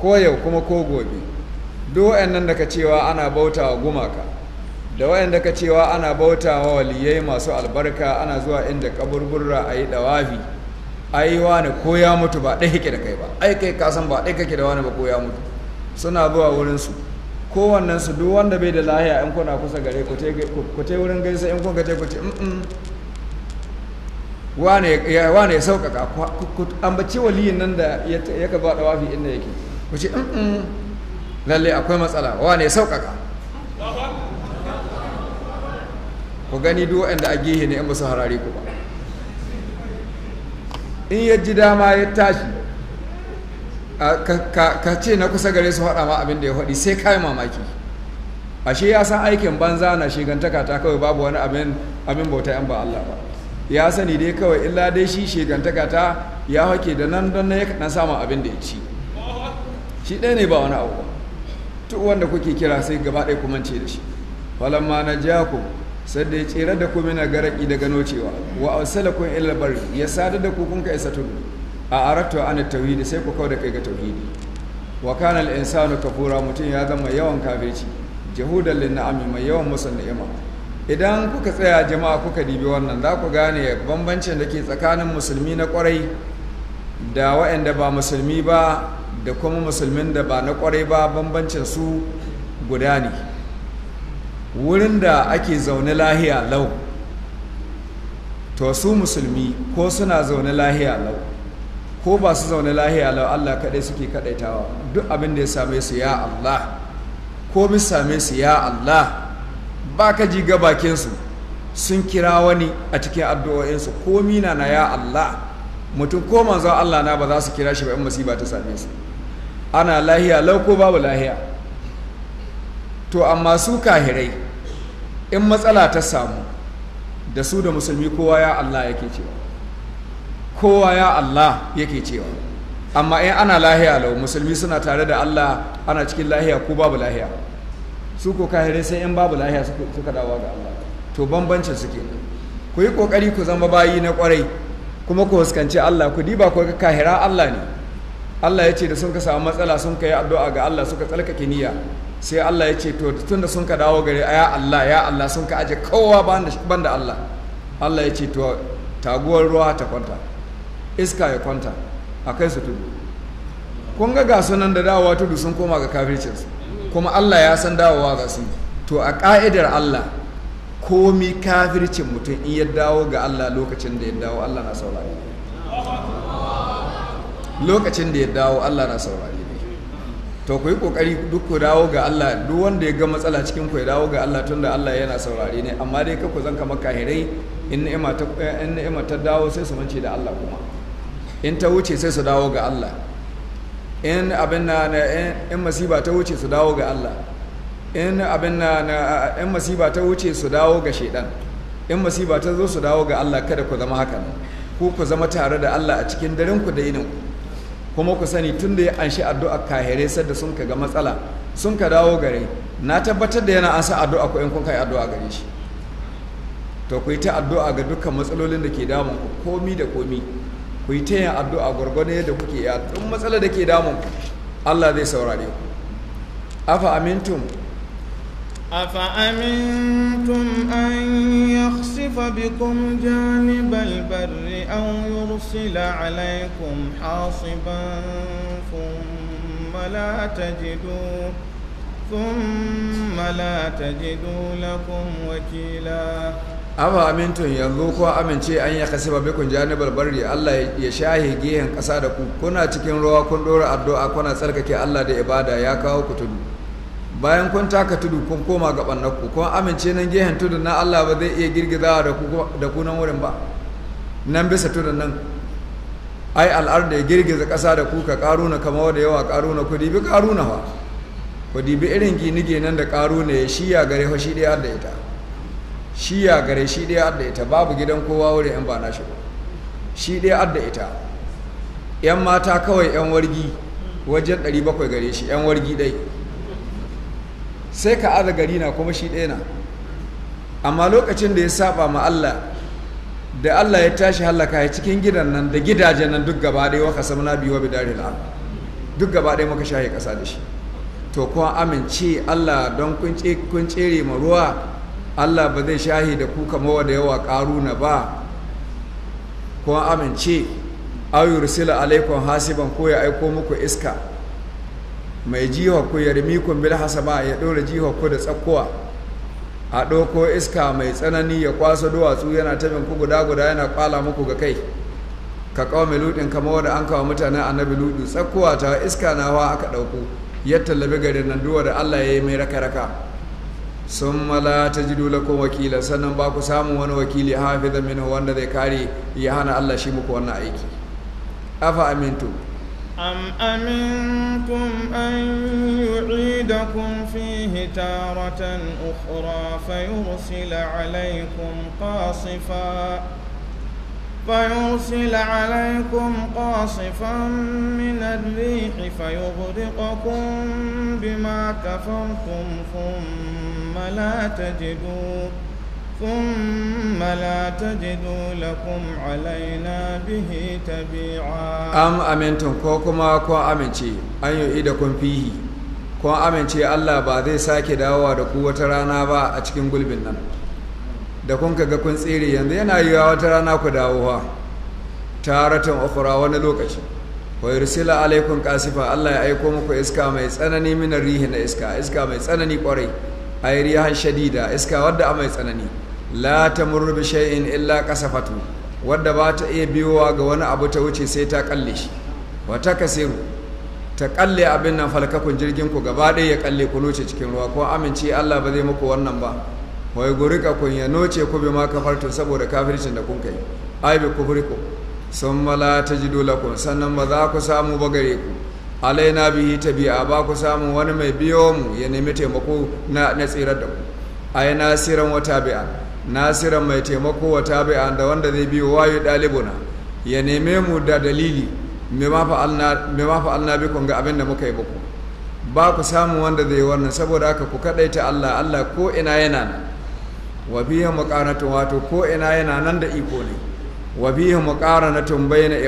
ko yau kuma ko gobe duk wayannan da ka cewa ana bauta wa gumaka da wayanda ka cewa ana bauta waliyai masu albarka ana zuwa inda kaburburra a yi dawafi ai wani ko ya mutu ba ɗaya yake da kai ba ai kai ka san ba ɗaya kake da wani ba ko ya mutu suna zuwa wurin su kowannen su duk wanda bai da lahiya in kuna kusa gare ku te wurin gaisa in kun ga te ku ce wane ya sauƙaƙa ambaci waliyin nan da ya ka ba da wafi inda yake ku ce lalle akwai matsala wane ya sauƙaƙa ku gani duk wanda a gihe ne in ba su harare ku ba in ya ji dama ya tashi ka ce na kusa gare su haɗa ma abin da ya haɗi sai kayan mamaki ashe ya san aikin banza na shigantaka ta kawai babu wani abin bauta yan ba Allah ba ya sani dai kawai illa dai shi shigantaka ta ya hake da nan don ya kaɗan abin da ya ci shi ɗaya ne ba wani abu ba wanda kuke kira sai gaba ɗaya ce da shi falamma na jaku da ya tsere da ku mina garaki daga cewa. wa kun ila bari ya sadar da ku kun ka isa tudu a aratu an tauhidi sai ku kawo da kai ga tauhidi wa kana al insanu kafura mutum ya zama yawan kafirci jahudan lin na'ami mai yawan musan ni'ima idan kuka tsaya jama'a kuka dibi wannan za ku gane bambancin da ke tsakanin musulmi na kwarai da waɗanda ba musulmi ba da kuma musulmin da ba na kwarai ba bambancin su guda ne wurin da ake zaune lahiya lau to su musulmi ko suna zaune lahiya lau ko ba su zaune lahiya lau Allah kaɗai suke kaɗaitawa duk abin da ya same su ya Allah ko bi same su ya Allah ba ka ji bakinsu sun kira wani a cikin addu'o'insu ko mina na ya Allah mutum ko manzo Allah na ba za su kira shi ba in masiba ta same su ana lahiya lau ko babu lahiya to amma su kahirai in matsala ta samu da su da musulmi kowa ya Allah yake cewa kowa ya Allah yake cewa amma in ana lahiya lau musulmi suna tare da Allah ana cikin lahiya ko babu lahiya su ko kahirai sai in babu lahiya suka dawo ga Allah to bambancin suke ku yi kokari ku zama bayi na kwarai kuma ku huskanci Allah ku diba ku ga kahira Allah ne Allah ya ce da sun ka samu matsala sun ka yi addu'a ga Allah suka tsarkake niyya sai Allah ya ce to tun da sun ka dawo gare ya Allah ya Allah sun ka aje kowa ban da Allah Allah ya ce to taguwar ruwa ta kwanta iska ya kwanta a kai su tudu kun ga gasu nan da dawowa tudu sun koma ga kafircinsu kuma Allah ya san dawowa ga su to a ka'idar Allah komi kafircin mutum in ya dawo ga Allah lokacin da ya dawo Allah na saurari lokacin da ya dawo Allah na saurari ne to ku yi kokari duk ku dawo ga Allah duk wanda ya ga matsala cikin ku ya dawo ga Allah tunda Allah yana saurari ne amma dai ka ku zanka makahirai in ni'ima ta in ni'ima ta dawo sai su mance da Allah kuma in ta wuce sai su dawo ga Allah in abin na in masiba ta wuce su dawo ga Allah in abin na in masiba ta wuce su dawo ga shedan in masiba ta zo su dawo ga Allah kada ku zama haka ku ku zama tare da Allah a cikin daren ku da yinin kuma ku sani tun da ya anshi addu'a kahire da sun ka ga matsala sun ka dawo gare na tabbatar da yana ansa addu'a ku in kun kai addu'a gare shi to ku yi ta addu'a ga dukkan matsalolin da ke damun ku komi da komi ku yi ta yin addu'a gwargwado da kuke ya duk matsala da ke damun ku Allah zai saurare ku afa amintum أفأمنتم أن يخسف بكم جانب البر أو يرسل عليكم حاصبا ثم لا تجدوا ثم لا تجدوا لكم وكيلا amma amintun yanzu ko amince an ya kasi ba bikun janibar barri Allah ya shahe gehen ƙasa da ku kuna cikin ruwa kun ɗora addu'a kuna tsarkake Allah da ibada ya kawo ku tudu bayan kun taka tudu kun koma ga ɓannarku kuma amince nan gehen tudun na Allah ba zai iya girgiza da ku nan wurin ba nan bisa tudun nan ai al'ar da ya girgiza ƙasa da ku ka ƙaruna kama da yawa ƙaruna ku dibi ƙaruna fa ku dibi irin ginige nan da ƙaruna ya shiya gare shi ɗaya da ita shiya gare shi ɗaya da ita babu gidan kowa wurin yan ba na shi shi ɗaya da ita yan mata kawai yan wargi wajen 700 gare shi yan wargi ɗai sai ka aza gari na kuma shi ɗaya na amma lokacin da ya saba ma Allah da Allah ya tashi hallaka ya cikin gidan nan da gidajen nan duk gaba ɗaya waka samuna biyu wa bidari duk gaba ɗaya muka shaye ƙasa da shi to kuma amince Allah don kun tsere ma ruwa Allah ba zai shahi da ku kama da yawa na ba kuma amince ayyur sila alaikon hasiban ko ya aiko muku iska mai jiwa ku ya rimikun bil hasaba ya ɗora jiwa ku da tsakkuwa. a ɗauko iska mai tsanani ya kwasa duwatsu yana tabin ku guda guda yana kwala muku ga kai ka kawo mai ludin kama wadda an kawo mutanen annabi ludu Tsakkuwa ta iska na hawa aka ɗauko ya tallabi garin nan duwa da allah ya yi mai raka raka sun mala ta ji dole ko wakila sannan ba ku samun wani wakili hafi zamina wanda zai kare ya hana allah shi muku wannan aiki afa amintu أم أمنتم أن يعيدكم فيه تارة أخرى فيرسل عليكم قاصفا فيرسل عليكم قاصفا من الريح فيغرقكم بما كفرتم ثم لا تجدون ثم لا تجدوا لكم علينا به تبيعا أم أمنتم كوكما كو أمنتي أن يؤيدكم فيه كو أمنتي الله da ساكي داوا دكو رانا با cikin قلبنا nan da kun kaga kun tsere yanzu yana yiwa wata rana ku dawowa taratan ukhra wani lokaci wa yursila alaikum qasifa Allah ya aiko muku iska mai tsanani minar rihi na iska iska mai tsanani kwarai ay rihan shadida iska wadda mai tsanani la tamurru bi shay'in illa kasafatu wadda ba ta iya biyowa ga wani abu ta wuce sai ta kalle shi wa ta kasiru ta kalle abin nan falkakun jirgin ku gaba ɗaya ya kalle ku noce cikin ruwa ko amince Allah ba zai muku wannan ba wai gurika kun ya noce ku bi ma kafartu saboda kafircin da kun kai ai bi kufriku sun mala ta ji kun sannan ba za ku samu ba gare ku alaina bihi tabi'a ba ku samu wani mai biyo mu ya nemi taimako na tsirar da ku ai nasiran wata bi'a nasiran mai taimako wa tabi'an da wanda zai biyo wayo dalibuna ya neme mu da dalili me ma allah bikon ga abin da muka yi muku ba ku samu wanda zai wannan saboda haka ku kadaita Allah Allah ko ina yana nan wa bihi muqaranatun wato ko ina yana nan da iko ne wa bihi muqaranatun bayna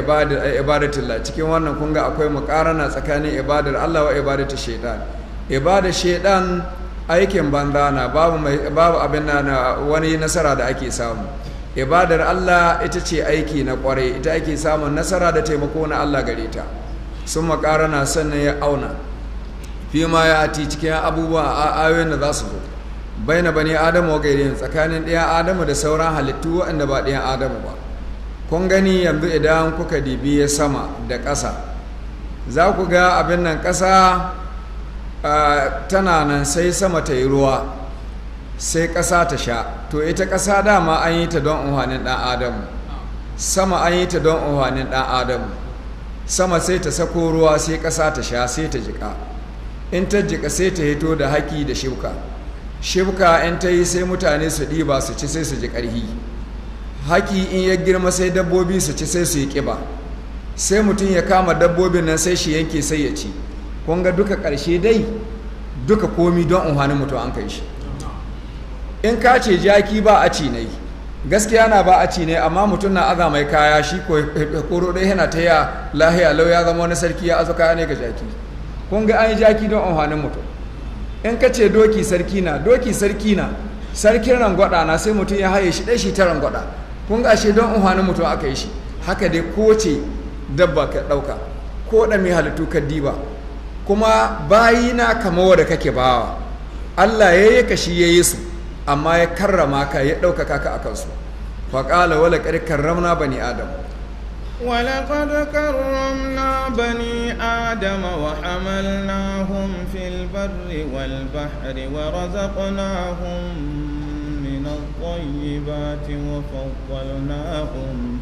ibadatillah cikin wannan kun ga akwai muqarana tsakanin ibadar Allah wa ibadatu shaytan ibadar shaytan aikin banza na babu abin na wani nasara da ake samu ibadar Allah ita ce aiki na kwarai ita ake samun nasara da taimako na Allah gare ta sun makara na sannan ya auna fi ma ya ati cikin abubuwa a ayoyin da za su zo baina bani adamu wa gairin tsakanin ɗayan adamu da sauran halittu waɗanda ba ɗayan adamu ba kun gani yanzu idan kuka dibi sama da ƙasa za ku ga abin nan ƙasa tana nan sai sama ta yi ruwa sai ƙasa ta sha to ita ƙasa dama an yi ta don umarnin ɗan adamu sama an yi ta don umarnin ɗan adamu sama sai ta sako ruwa sai ƙasa ta sha sai ta jiƙa in ta jiƙa sai ta hito da haki da shibka shibka in ta yi sai mutane su ɗiba su ci sai su ji ƙarhi haki in ya girma sai dabbobi su ci sai su yi ƙiba sai mutum ya kama dabbobin nan sai shi yanke sai ya ci kun ga duka ƙarshe dai duka komi don unhani mutum an kai shi in ka ce jaki ba a ci ne gaskiya na ba a ci ne amma mutum na aza mai kaya shi ko koro dai yana ta ya lahiya lau ya zama wani sarki ya azo kaya ne ga jaki kun ga an yi jaki don unhanin mutum in ka ce doki sarki na doki sarki na sarkin rangwada na sai mutum ya haye shi dai shi ta rangwada kun ga shi don unhanin mutum aka yi shi haka dai ko ce dabba ka ɗauka ko ɗa mai halittu ka diba kuma na kama wadda kake bawa Allah ya yi kashi ya yi su amma ya karrama ka ya ɗaukaka ka a kansu faƙala wala ƙari karramna bani adam ولقد كرمنا بني آدم وحملناهم في البر والبحر ورزقناهم من الطيبات وفضلناهم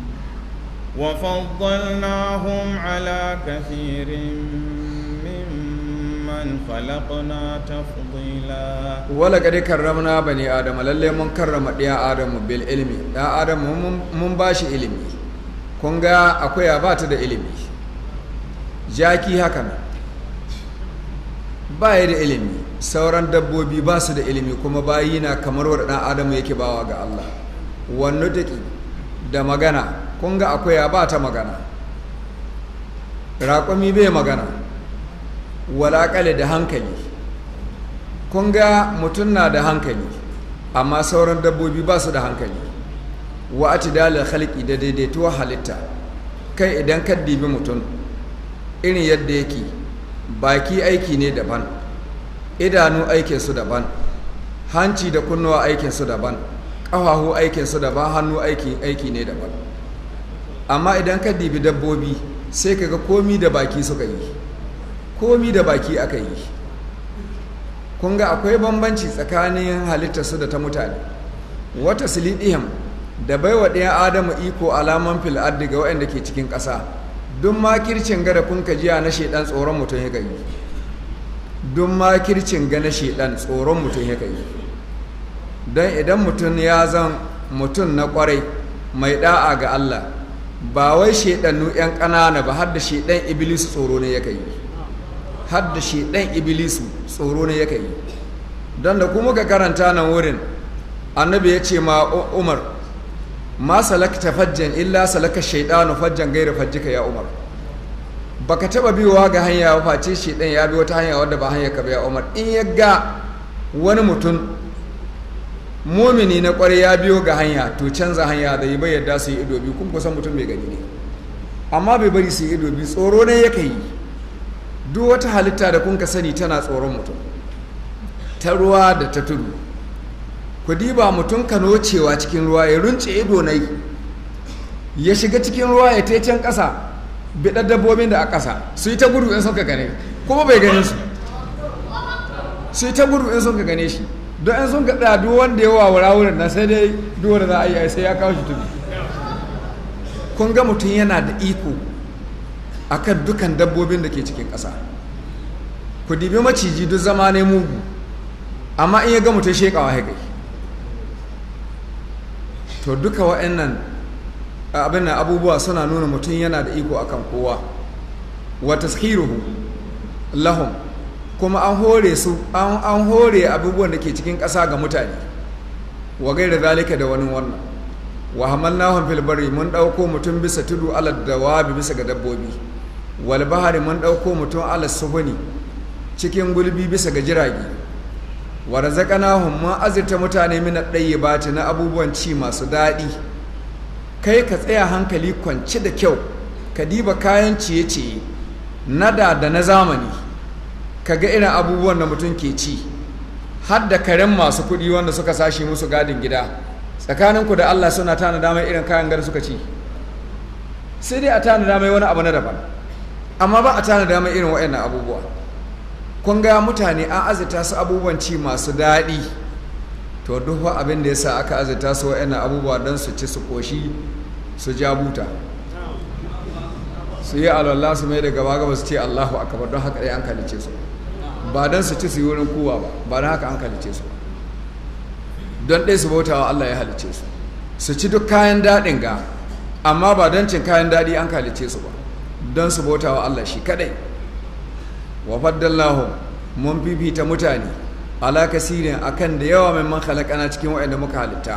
وفضلناهم على كثير من man khalaqna tafdila wala kadai karramna bani adam lalle mun karrama diya adam bil ilmi da adam mun bashi ilmi kun ga akwai ya abata da ilimi. jaki haka nan baya da ilimi. sauran dabbobi ba su da ilimi, kuma bayi na kamar wadda dan adam yake bawa ga Allah wannan da da magana Kunga akwai ya ba ta magana raƙumi bai magana walaƙale da hankali kun ga mutum na da hankali amma sauran dabbobi ba su da hankali wa dalar halki da daidaituwar halitta kai idan ka dibi mutum irin yadda yake baki aiki ne daban idanu aikinsu daban hanci da kunnuwa aikinsu daban ƙafahu aikinsu daban hannu aiki ne daban amma idan ka dibi dabbobi sai ka ga komi da baki suka yi komi da baki aka yi kun ga akwai bambanci tsakanin su da ta mutane wata silidihim da baiwa ɗaya adamu iko alaman fil'ad ga waɗanda ke cikin ƙasa don makircin ga da kun jiya na shaidan tsoron mutum ya yi don makircin ga na shaidan tsoron mutum ya yi don idan mutum ya zan mutum na kwarai mai da'a ga allah ba wai shaidannu 'yan ƙanana ba har da shaidan iblis tsoro ne ya yi har da shi ɗan ibilisu tsoro ne yake yi don da kuma ka karanta nan wurin annabi ya ce ma umar ma salakta fajjan illa salaka shaidanu fajjan gaira fajjika ya umar baka taba biyowa ga hanya ba face ɗan ya bi wata hanya wadda ba hanya ka ya umar in ya ga wani mutum mumini na kwarai ya biyo ga hanya to canza hanya da yi bayyada su yi ido biyu kuma kusan mutum mai gani ne amma bai bari su yi ido biyu tsoro ne yake yi duk wata halitta da kunka sani tana tsoron mutum ta ruwa da ta tudu ku diba mutum ka nocewa cikin ruwa ya runce ido na yi ya shiga cikin ruwa ya taicen ƙasa biɗar dabbobin da a ƙasa su yi ta gudu in sun ka gane kuma bai ganin su su yi ta gudu in sun ka gane shi don in sun ka duk wanda ya wawara wurin na sai dai duk wanda za a yi sai ya kawo shi tudu kun ga mutum yana da iko akan dukan dabbobin da ke cikin ƙasa ku dibi maciji duk zama ne mugu amma in ya ga mutum shekawa ya to duka wa'annan abin abubuwa suna nuna mutum yana da iko akan kowa wa taskhiruhu lahum kuma an hore su an hore abubuwan da ke cikin ƙasa ga mutane wa gaira zalika da wani wannan wa hamalnahum fil barri mun dauko mutum bisa tudu ala dawabi bisa ga dabbobi wal bahari mun dauko mutum ala subuni cikin gulbi bisa ga jirage wa razaqnahum ma azirta mutane min ad-dayyibati na abubuwan ci masu daɗi kai ka tsaya hankali kwanci da kyau ka diba kayan ciye-ciye na da da na zamani ka ga irin abubuwan da mutum ke ci har da karen masu kuɗi wanda suka sashi musu gadin gida tsakaninku da Allah suna tana damar irin kayan gari suka ci sai dai a tana damar wani abu na daban amma ba a tana damar irin waɗannan abubuwa kun ga mutane an azita su abubuwan ci masu daɗi to duk abin da ya sa aka azita su wa'annan abubuwa don su ci su koshi su ja buta su yi alwallah su mai da gaba gaba su ce allahu akabar don haka ɗaya an kalice su ba don su ci su yi wurin kowa ba ba don haka an kalice su don ɗaya su bautawa allah ya halice su su ci duk kayan daɗin ga amma ba don cin kayan daɗi an kalice su ba don su bautawa allah shi kaɗai wa faddallahu mun fifita mutane ala kasirin akan da yawa mai man halakana cikin waɗanda muka halitta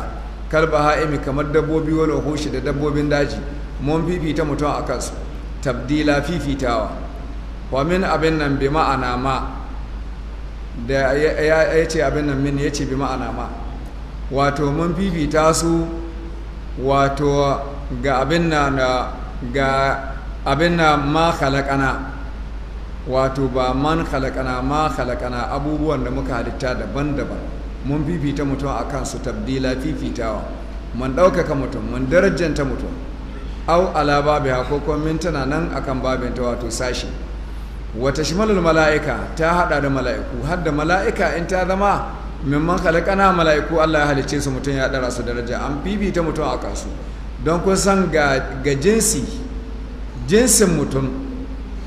kalba ha'imi kamar dabbobi wal hushi da dabbobin daji mun fifita mutum a kansu tabdila fifitawa wa min abin nan bi ma'ana ma da ya ce abin nan min ya ce bi ma'ana ma wato mun fifita su wato ga abin na ga abin na ma halakana wato ba man halakana ma halakana abubuwan da muka halitta daban-daban mun fifita mutum a kansu tabdila fifitawa mun ɗaukaka mutum mun darajanta mutum au ala babi hakokon tana nan akan babinta wato sashi wata shimalul mala'ika ta hada da mala'iku har da mala'ika in ta zama mimman halakana mala'iku Allah ya halicce su mutum ya ɗara su daraja an fifita mutum a kansu don kun san ga jinsi jinsin mutum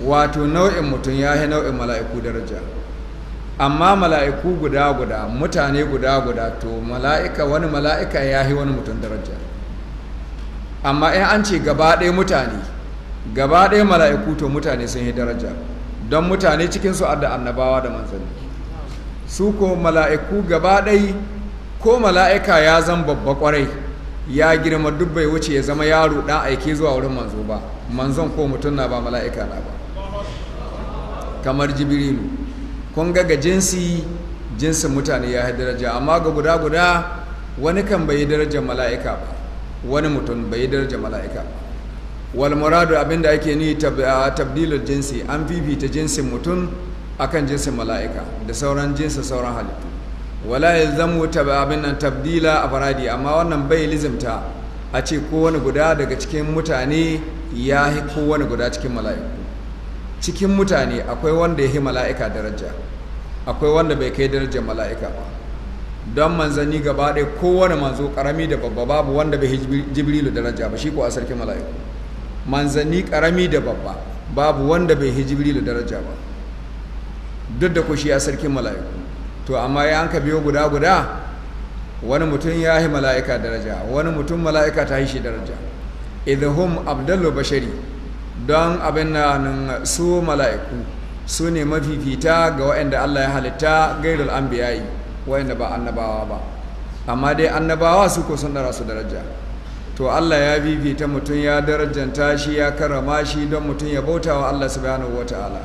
wato nau'in mutum ya yi nau'in mala'iku daraja amma mala'iku guda guda mutane guda guda to mala'ika wani mala'ika ya yi wani mutum daraja amma in an ce gaba ɗaya mutane gaba ɗaya mala'iku to mutane sun yi daraja don mutane cikinsu adda annabawa da manzanni su ko mala'iku gaba ɗaya ko mala'ika ya zan babba kwarai ya girma duk bai wuce ya zama yaro ɗan aike zuwa wurin manzo ba manzon ko mutum na ba mala'ika na ba kamar jibrilu kun ga ga jinsi jinsin mutane ya yi daraja amma ga guda guda wani kan bai yi darajar mala'ika ba wani mutum bai yi darajar mala'ika ba wal muradu abinda ake ni tabdilul jinsi an fifita jinsin mutum akan jinsin mala'ika da sauran jinsin sauran halittu wala yalzamu abin nan tabdila a faradi amma wannan bai lizimta a ce kowane guda daga cikin mutane ya kowane guda cikin mala'iku cikin mutane akwai wanda ya yi mala'ika daraja akwai wanda bai kai darajar mala'ika ba don manzanni gaba ɗaya kowane manzo ƙarami da babba babu wanda bai jibrilu daraja ba shi ko a sarki mala'iku manzanni ƙarami da babba babu wanda bai jibrilu daraja ba duk da ku shi a sarki mala'iku to amma ya an ka biyo guda guda wani mutum ya yi mala'ika daraja wani mutum mala'ika ta yi shi daraja idhum abdallu bashari don abin nan su mala'iku su ne mafifita ga waɗanda Allah ya halitta gairul biyayi waɗanda ba annabawa ba amma dai annabawa su ko sun dara su daraja to Allah ya bibita mutum ya darajanta shi ya karama shi don mutum ya bauta wa Allah subhanahu wataala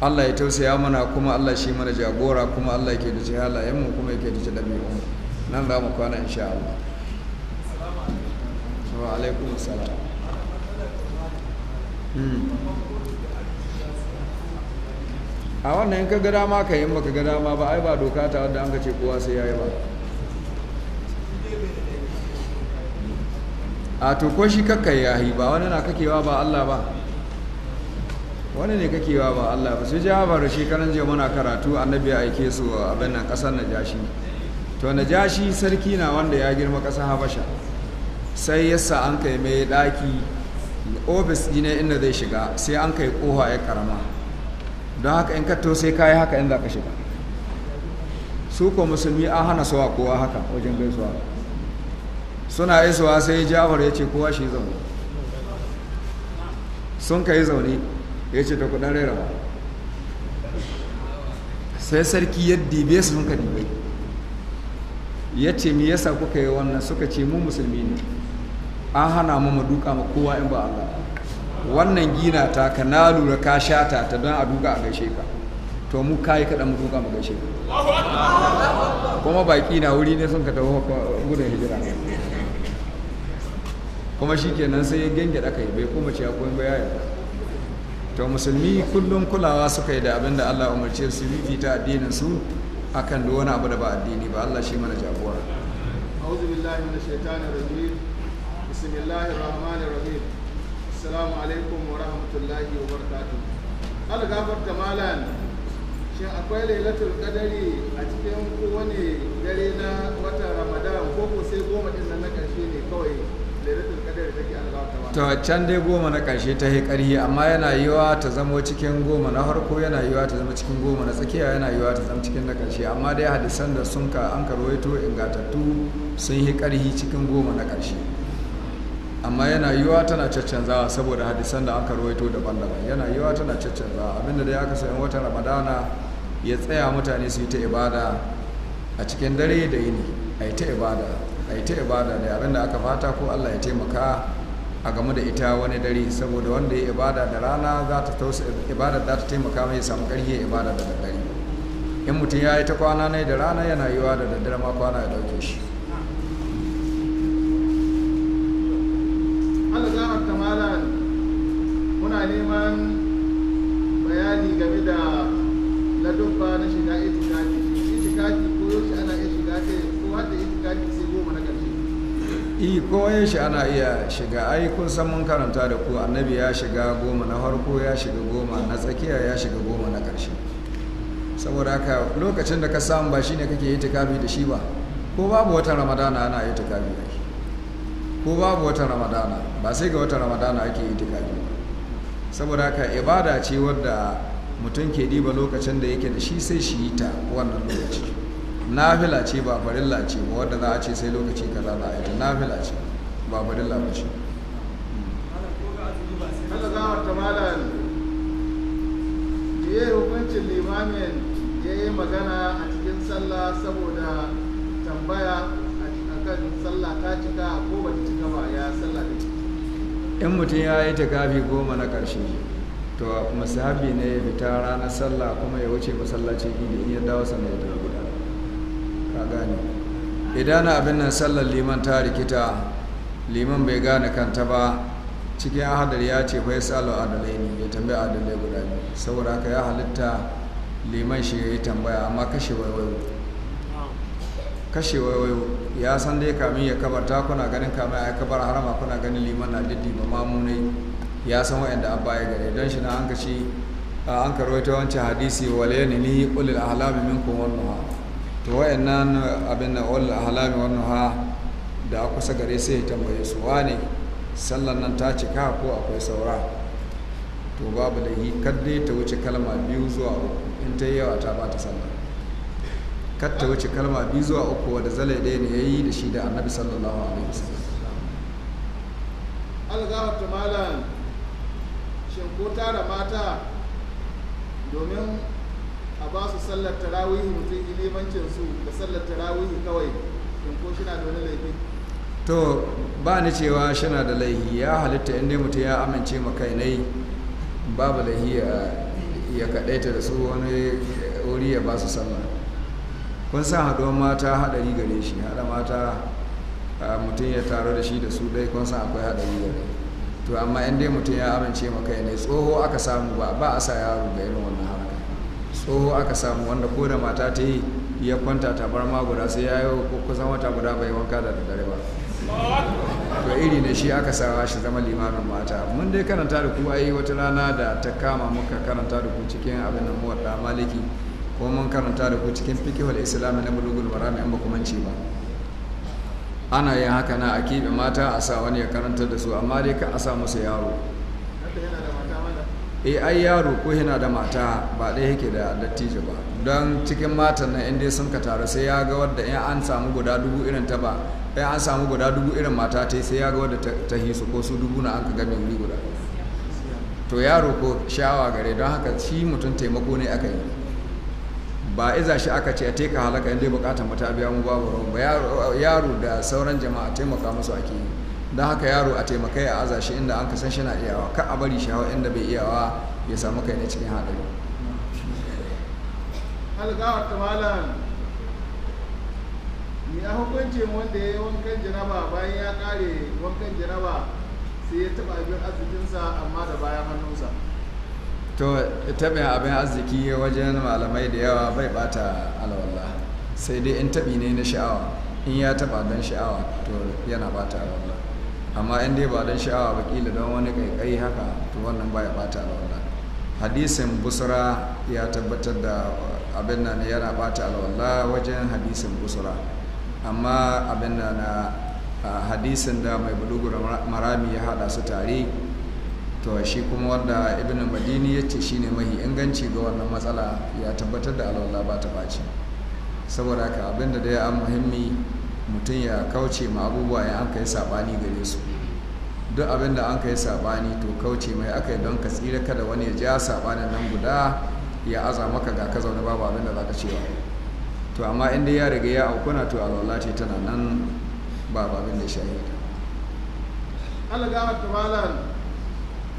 Allah ya tausaya mana kuma Allah shi mana jagora kuma Allah yake dace halayen mu kuma yake dace dabi'un nan za mu kwana insha Allah wa alaikum assalam a wannan in ka ga dama ka yi maka ga dama ba ai ba doka ta wadda an ka ce kowa sai ya yi ba a toko shi kakka ya yi ba wani na kakewa ba Allah ba wani ne kakewa ba Allah ba su ji ba da shekaran jiya muna karatu annabi ya aike su abin nan kasar najashi to najashi sarki na wanda ya girma kasar habasha sai yasa an kai mai daki ofis ne inda zai shiga sai an kai koha ya karama don haka in kato sai kayi haka in za ka shiga su ko musulmi an hana suwa kowa haka wajen gaisuwa suna isowa sai jafar ya ce kowa shi zaune sun ka yi zaune ya ce ta kudin rera ba sai sarki ya dibe su sun ka dibe ya ce me yasa kuka yi wannan suka ce mu musulmi ne an hana mu mu duka ma kowa in ba Allah wannan gina ta ka na lura ka shata ta don a duka a gaishe ka to mu kai kaɗan mu duka mu gaishe ka kuma baki na wuri ne sun ka taho gudun hijira kuma shi sai ya genge da kai bai kuma ce akwai ba to musulmi kullum kulawa suka yi da abin da Allah umarce su yi fita addinin su akan da wani abu da ba addini ba Allah shi mana jagora أعوذ بالله من الشيطان rajim بسم الله الرحمن الرحيم السلام عليكم ورحمة الله وبركاته قال غافر كمالا shin akwai lailatul qadari a cikin kowane dare na watan ramadan ko ko sai goma din nan na karshe ne kawai lailatul qadari take algafta to can dai goma na karshe ta yi karhi amma yana yiwa ta zamo cikin goma na harko yana yiwa ta zama cikin goma na tsakiya yana yiwa ta zama cikin na karshe amma dai hadisan da sun ka an karwaito ingantattu sun yi karhi cikin goma na karshe amma yana yiwa tana caccanzawa saboda hadisan da aka rawaito daban-daban yana yiwa tana caccanzawa abinda dai aka sayan watan ramadana ya tsaya mutane su yi ta ibada a cikin dare da yini a yi ta ibada a yi ta ibada da abinda aka fata ko allah ya taimaka a game da ita wani dare saboda wanda ya ibada da rana za ta tausa ibada za ta taimaka mai samu ƙarfi ibada da daddare in mutum ya yi ta kwana ne da rana yana yiwa da daddare ma kwana ya ɗauke shi algarar kamalan muna neman bayani game da ladubba na shiga itikafi itikafi ko yaushe ana iya shiga ta ko har da sai goma na ƙarshe i ko yaushe ana iya shiga ai kun san mun karanta da ku annabi ya shiga goma na farko ya shiga goma na tsakiya ya shiga goma na ƙarshe saboda haka lokacin da ka samu ba shine kake itikafi da shi ba ko babu watan ramadana ana itikafi ko babu watan ramadana ba sai ga watan ramadana ake yi itikafi saboda haka ibada ce wadda mutum ke diba lokacin da yake da shi sai shi yi ta wannan lokaci nafila ce ba farilla ce ba wadda za a ce sai lokaci ka za a yi ta nafila ce ba farilla ba ce ya yi hukuncin limamin ya magana a cikin sallah saboda tambaya a kan sallah ta cika ko ba ta cika ba ya sallah ta cika in mutum ya yi ta gafi goma na ƙarshe to musahabi ne ya fita ranar sallah kuma ya wuce masallaci gidi in ya dawo sannan ya dawo guda ka gane idan abin nan sallar liman ta rikita liman bai gane kanta ba cikin ahadar ya ce fa salo adalai ne ya tambaya adalai guda ne saboda ka ya halitta liman shi ya yi tambaya amma kashe waiwai kashe wayo ya san dai kamin ya kabarta kuna ganin kamin ya kabar harama kuna ganin liman na diddi ba mamunai ya san wa'anda an baya gare don shi na an kashi an karo ta wancan hadisi wale ne ni ulil ahlami kun wannan ha to wa'annan abin na ulil ahlami wannan ha da kusa gare sai ya tambaye su wane sallan nan ta cika ko akwai saura to babu da hi dai ta wuce kalma biyu zuwa uku in ta yi yawa ta ba ta sallan Katta ta wuce kalma biyu zuwa uku wadda zalai ɗaya ne ya yi da shi da annabi sallallahu alaihi wasallam algahatu malam shin ko tara mata domin a ba su sallar tarawihi mutum ilimancin su da sallar tarawihi kawai shin ko shi da wani laifi to ba ni cewa shi da laifi ya halitta inda mutum ya amince ma kai kainai babu laifi ya kaɗaita da su wani wuri ya ba su sallah kun san haduwar mata haɗari gare shi haɗa mata mutum ya taro da shi da su ɗai kun san akwai haɗari gare to amma in dai mutum ya amince maka kai ne tsoho aka samu ba ba a sa yaro ga irin wannan harka tsoho aka samu wanda ko da mata ta yi ya kwanta tabar ma guda sai ya yi kusan wata guda bai wanka da dare ba to iri ne shi aka sawa shi zama limamin mata mun dai karanta da ku ai wata rana da ta kama muka karanta da ku cikin abin da muwadda maliki ko mun karanta da ku cikin fikihul islam na bulugul marami an ba manci ba ana yin haka na a mata a sa wani ya karanta da su amma dai ka a sa musu yaro e ai yaro ko yana da mata ba ɗaya yake da dattijo ba don cikin matan nan inda sun ka taru sai ya ga wadda in an samu guda dubu irin ta ba in an samu guda dubu irin mata ta sai ya ga wadda ta hisu ko su dubu na an ka gami wuri guda to yaro ko shawa gare don haka shi mutum taimako ne aka yi ba iza shi aka ce a teka halaka inda bukatan mata biya mu babu ruwan ba yaro da sauran jama'a taimaka masu ake yi don haka yaro a taimakai a aza inda an kasan shi na iyawa ka a bari shawa inda bai iyawa ya samu kai na cikin haɗari algawar tamalan hukuncin wanda ya yi wankan jaraba bayan ya kare wankan jaraba sai ya taɓa abin arzikinsa amma da bayan hannunsa to taɓin abin arziki wajen malamai da yawa bai bata alwallah sai dai in taɓi ne na sha'awa in ya taɓa don sha'awa to yana bata alwallah amma in dai ba don sha'awa ba kila don wani kaikai haka to wannan baya bata alwallah hadisin busura ya tabbatar da abin nan yana bata alwallah wajen hadisin busura amma abin nan ah, hadisin da mai bulugura marami ya haɗa su tare to shi kuma wanda ibn madini ya ce shine mahi inganci ga wannan matsala ya tabbatar da alwala ba ta ɓaci saboda ka abinda da ya an muhimmi mutum ya kauce ma abubuwa ya an kai saɓani gare su duk abinda an kai saɓani to kauce mai aka yi don ka tsira kada wani ya ja saɓanin nan guda ya aza maka ga ka zaune babu abinda za ka cewa to amma in dai ya riga ya aukuna to alwala ce tana nan ba abin da shahida. Allah ga malam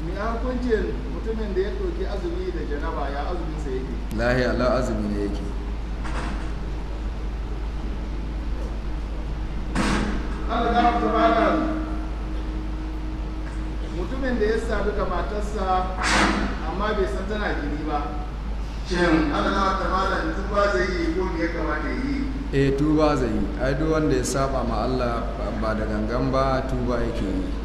me hukuncin mutumin da ya ɗauki azumi da janaba ya azuminsa yake lahiya la azumi ne yake mutumin da ya sadu da matarsa amma bai san tana gini ba shin allah ta malam tuba zai yi ko ne ya kamata yi eh tuba zai yi ai duk wanda ya saba ma allah ba da gangan ba tuba yake yi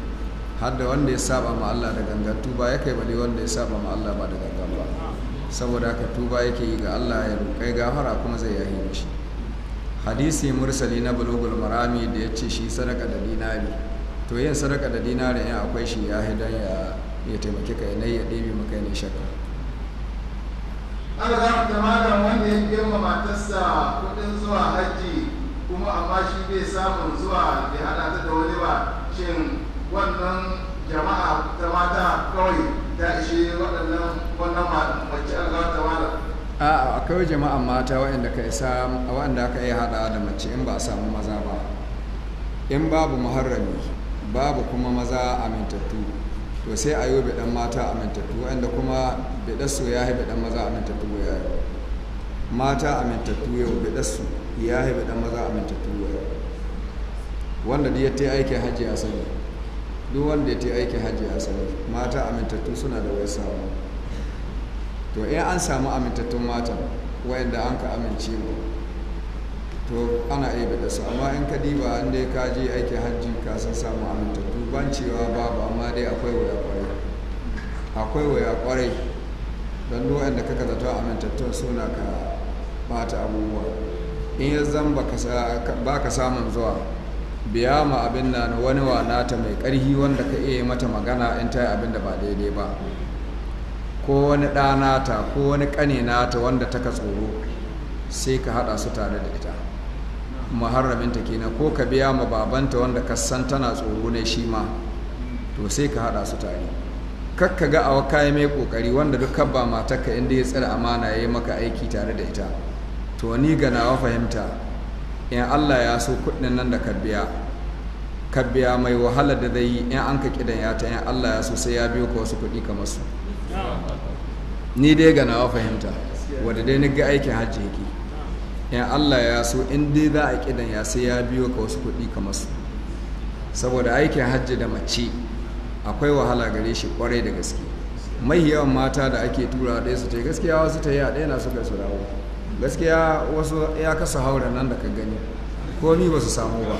har da wanda ya saba ma Allah da gangan tuba ya kai bane wanda ya saba ma Allah ba da gangan ba saboda haka tuba yake yi ga Allah ya roƙai gafara kuma zai yahi mishi hadisi mursali na bulugul marami da ya ce shi sadaka da dinari to yin sadaka da dinari in akwai shi ya hidan ya ya taimake ka ne ya dibi maka ne shakka Allah za ku malam wanda ya girma matarsa kudin zuwa hajji kuma amma shi bai samun zuwa bai hada ta da wani ba shin wannan jama'a ta mata kawai ta ishe waɗannan wannan mace alƙawar ta mata a'a akwai jama'an mata waɗanda ka isa waɗanda aka yi haɗa da mace in ba a samu maza ba in babu muharrami babu kuma maza amintattu to sai a yi biɗan mata amintattu waɗanda kuma biɗarsu ya yi biɗan maza amintattu ya yi mata amintattu yau biɗarsu ya yi biɗan maza amintattu ya yi wanda da ya ta aiki hajji a sani duk wanda ta aiki hajji a salaf mata amintattu suna da wai samu to in an samu amintattun mata wayanda an ka amince ba to ana iya bada su amma in ka diba an dai ka je aiki hajji ka san samu amintattu ban cewa babu amma dai akwai waya kwarai akwai waya kwarai don duk wayanda kaka zato amintattun suna ka bata abubuwa in ya zan ba ka samun zuwa biya ma abin na wani ta mai ƙarhi wanda ka iya mata magana in ta yi abin da ba daidai ba ko wani ta ko wani ƙane nata wanda ta ka tsoro sai ka haɗa su tare da ita ta kenan ko ka biya ma babanta wanda ka san tana tsoro ne shi ma to sai ka haɗa su tare kakka ga awa kayan mai ƙoƙari wanda duk ba matarka inda ya tsira amana ya yi maka aiki tare da ita to ni ga nawa fahimta in Allah ya so kudin nan da ka biya mai wahala da zai yi in an ka kidan ya ta in Allah ya so sai ya biyo ka wasu kuɗi kamar su ni dai ga nawa fahimta wadda dai aikin hajji yake in Allah ya so in dai za a kidan ya sai ya biyo ka wasu kuɗi kamar su saboda aikin hajji da mace akwai wahala gare shi kwarai da gaske mai yawan mata da ake tura ɗaya su ce gaskiya wasu ta yi a ɗaya na suka su dawo gaskiya wasu ya kasa haura nan da ka gani komi ba su samu ba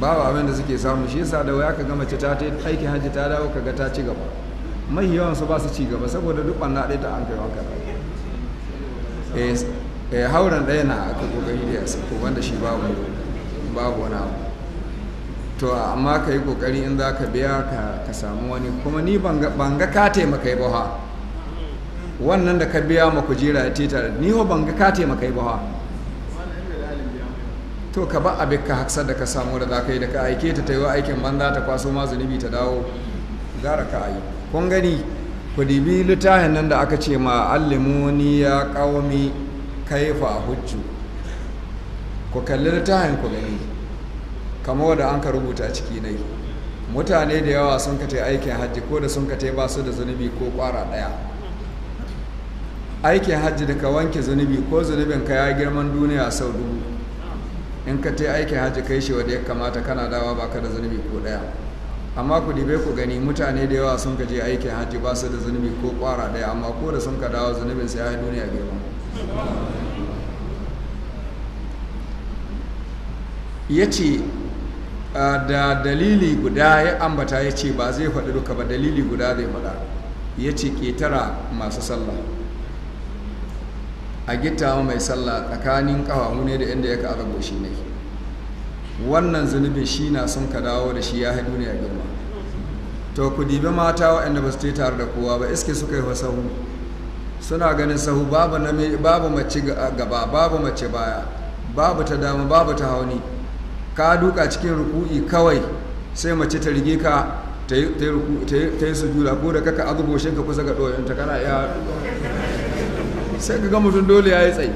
babu abin da suke samu shi yasa da waya ka gama mace ta ta aikin hajji ta dawo ka ga ta ci gaba mai yawan su ba su ci gaba saboda duk na ɗaya ta an kai wanka eh, eh hauren ɗaya na aka kokari da yasa ko wanda shi babu babu wani abu to amma ka yi kokari in za ka biya ka samu wani kuma ni ban ga ka taimaka ba ha wannan da ka biya ma kujera ya titar ni ho ban ga ka taimaka ba to ka ba abin ka haksar da ka samu da za ka yi da ka aike ta taiwa aikin banza ta kwaso ma zunubi ta dawo gara ka yi kun gani ku dibi littafin nan da aka ce ma allimuni ya kawami kaifa hujju ku kalli littafin ku gani kama wanda an ka rubuta ciki nai mutane da yawa sun ka aikin hajji ko da sun ka ba su da zunubi ko kwara daya aikin hajji da ka wanke zunubi ko zunubin ka ya girman duniya sau dubu in ka tai aikin hajji kai shi wadda ya kamata kana dawa ba ka da zunubi ko daya amma ku dibe ku gani mutane da yawa sun ka je aikin hajji ba su da zunubi ko kwara daya amma ko da sun ka dawo zunubin sai ya yi duniya girma ya ce da dalili guda ya ambata ya ce ba zai faɗi duka ba dalili guda zai faɗa ya ce ƙetara masu sallah a gita mai sallah tsakanin ƙafafu ne da inda ya ka aza ne wannan zunubin shi na sun ka dawo da shi ya haɗu ne a girma to ku dibi mata waɗanda ba su ta tare da kowa ba iske suka yi sahu suna ganin sahu babu babu mace gaba babu mace baya babu ta dama babu ta hauni ka duka cikin ruku'i kawai sai mace ta rige ka ta yi sujuda ko da kaka azubo shi ka kusa ga ɗoyin ta kana iya sai ka ga mutum dole ya yi tsaye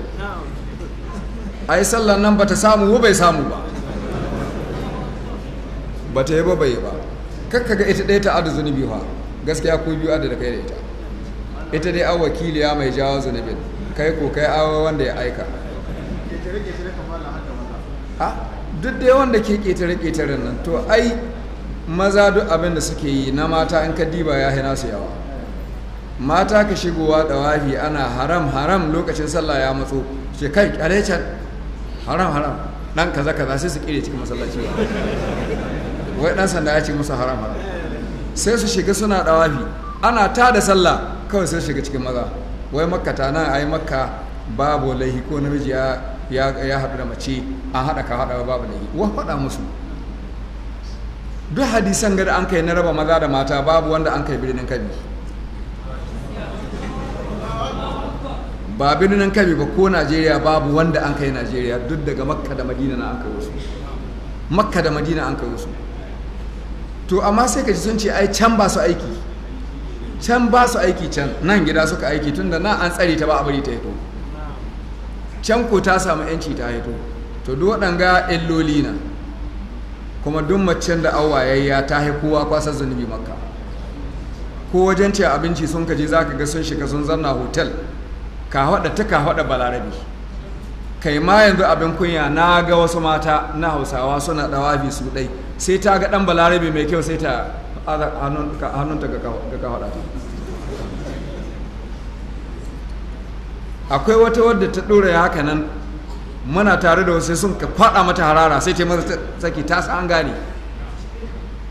a yi sallar nan ba ta samu bai samu ba ba ta yi ba bai ba kakka ga ita ɗaya ta adu zunubi ba gaskiya ko biyu adu da kai da ita ita dai an wakiliya mai jawo zunubin kai ko kai awa wanda ya aika a duk dai wanda ke ƙetare ƙetaren nan to ai maza duk abin da suke yi na mata in ka diba ya hina su yawa mata ka shigowa dawafi ana haram haram lokacin sallah ya matso ce kai kyale haram haram Ɗan kaza kaza sai su kire cikin masallaci wai ɗan sanda ya ce musu haram haram sai su shiga suna dawafi ana ta da sallah kawai sai shiga cikin maza wai makka ta nan ai makka babu laihi ko namiji ya ya haɗu da mace an haɗa ka haɗa babu laihi wa faɗa musu duk hadisan gada an kai na raba maza da mata babu wanda an kai birnin kabi ba birnin kabi ba ko najeriya babu wanda an kai najeriya duk daga makka da madina na an kai wasu makka da madina an kai wasu to amma sai ka ji sun ce ai can ba su aiki can ba su aiki can nan gida suka aiki tunda nan an tsare ta ba a bari ta hito can ko ta samu yanci ta hito to duk waɗanga illoli na kuma duk macen da awayayya ta haikowa kwasar zunubi makka ko wajen ce abinci sun kaje za ka ga sun shiga sun zanna hotel ka haɗa ta ka haɗa balarabi kai ma yanzu abin kunya na ga wasu mata na hausawa suna ɗawafi su dai, sai ta ga dan balarabi mai kyau sai ta hannunta ga ta. akwai wata wadda ta ɗora ya haka nan muna tare da wasu sun ka faɗa mata harara sai ta mata saki ta an gane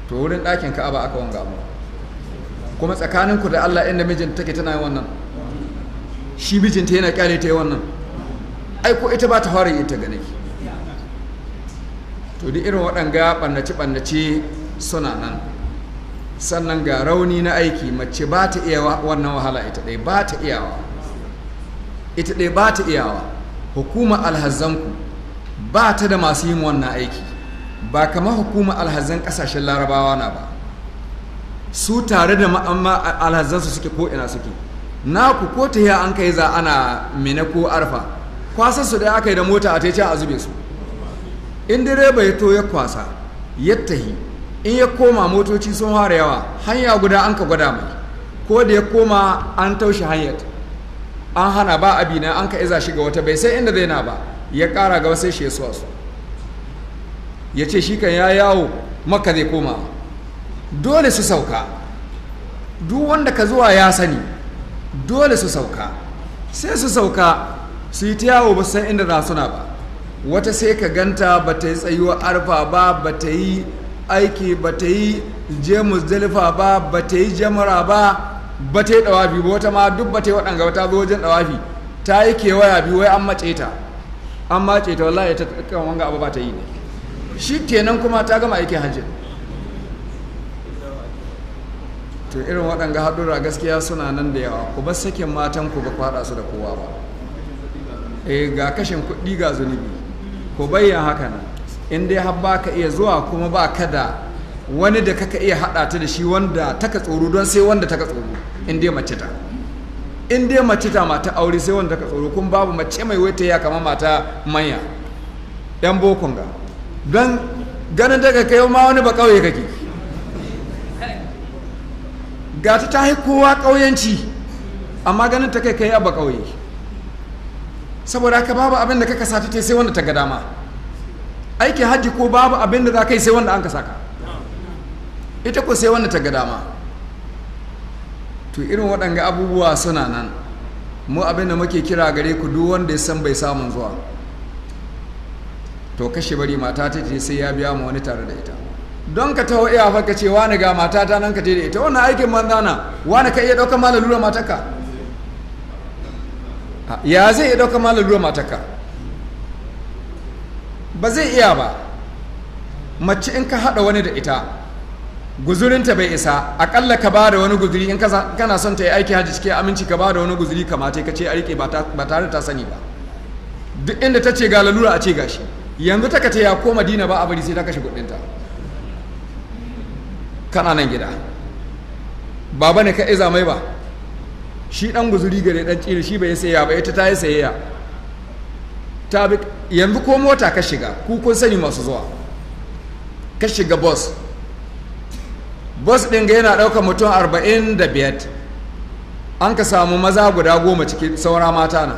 to wurin ɗakin ka'aba aka wanga mu kuma tsakaninku da allah inda mijin take tana yi wannan shi mijinta yana kyale ta yi wannan ai ko ita ba ta fara yin ta gane to duk irin waɗanga ɓannace-ɓannace suna nan sannan ga rauni na aiki mace ba ta iya wannan wahala ita ɗai ba ta iyawa ita ɗai ba ta iyawa hukuma alhazanku ba ta da masu yin wannan aiki ba kama hukuma alhazan ƙasashen larabawa na ba su tare da alhazansu suke ko ina suke naku ko yi an kai za ana mina ko arfa kwasar su dai aka yi da mota a taice a zube su in direba ya to ya kwasa ya tahi in ya koma motoci sun fara yawa hanya guda an ka gwada mai ko da ya koma an taushe hanyar an hana ba na an ka iza shi ga wata bai sai inda zai na ba ya kara ga wasu shi ya su ya ce shi kan ya yawo maka zai koma dole su sauka duk wanda ka zuwa ya sani dole su sauka sai su sauka su yi ta yawo ba san inda za suna ba wata sai ka ganta ba ta yi tsayuwar arfa ba ba ta yi aiki ba ta yi jamus dalifa ba ba ta yi jamara ba ba ta yi dawafi ba wata ma duk ba ta yi waɗanga ba ta zo wajen dawafi ta yi kewaya biyu wai an mace ta an mace ta wallahi ta kan wanga abu ba ta yi ne shi kenan kuma ta gama aikin hajji to irin waɗanga haɗura gaskiya suna nan da yawa ku bar sakin matan ku ba kwaɗa su da kowa ba e ga kashin kuɗi ga zunubi ku bayyana haka nan in dai har ba ka iya zuwa kuma ba ka da wani da kaka iya haɗa ta da shi wanda taka tsoro don sai wanda taka tsoro in dai mace ta in dai mace ta mata aure sai wanda taka tsoro kun babu mace mai wata ya kama mata manya yan bokon ga don ganin daga kai ma wani ba kauye kake ga ta ta kowa ƙauyenci amma ganin ta kai kai abba ƙauye saboda haka babu abin da kaka sata ta sai wanda ta ga dama aikin hajji ko babu abin da za ka yi sai wanda an ka saka ita ko sai wanda ta ga dama to irin waɗanga abubuwa suna nan mu abin da muke kira gare ku duk wanda ya san bai samun zuwa to kashe bari mata ta sai ya biya mu wani tare da ita don ka taho iya farka ce wani ga matata nan ka da ita wannan aikin manza na wani ka iya ɗaukar ma lalura mataka ya zai iya ɗaukar ma lalura mataka ba zai iya ba mace in ka haɗa wani da ita guzurinta bai isa akalla ka ba da wani guzuri in kana son ta yi aiki hajji cike aminci ka ba da wani guzuri kamata ka ce a riƙe ba tare ta sani ba duk inda ta ce ga lalura a ce gashi yanzu ta ka ce ya ko madina ba a bari sai ta kashe kuɗinta kana nan gida baba ne ka iza mai ba shi dan guzuri gare dan tsiri shi bai sayaya ba ita ta yi sayayya ta bi yanzu ko mota ka shiga ku kun sani masu zuwa ka shiga bus bus din ga yana ɗaukar mutum arba'in da biyar an ka samu maza guda goma cikin saura mata na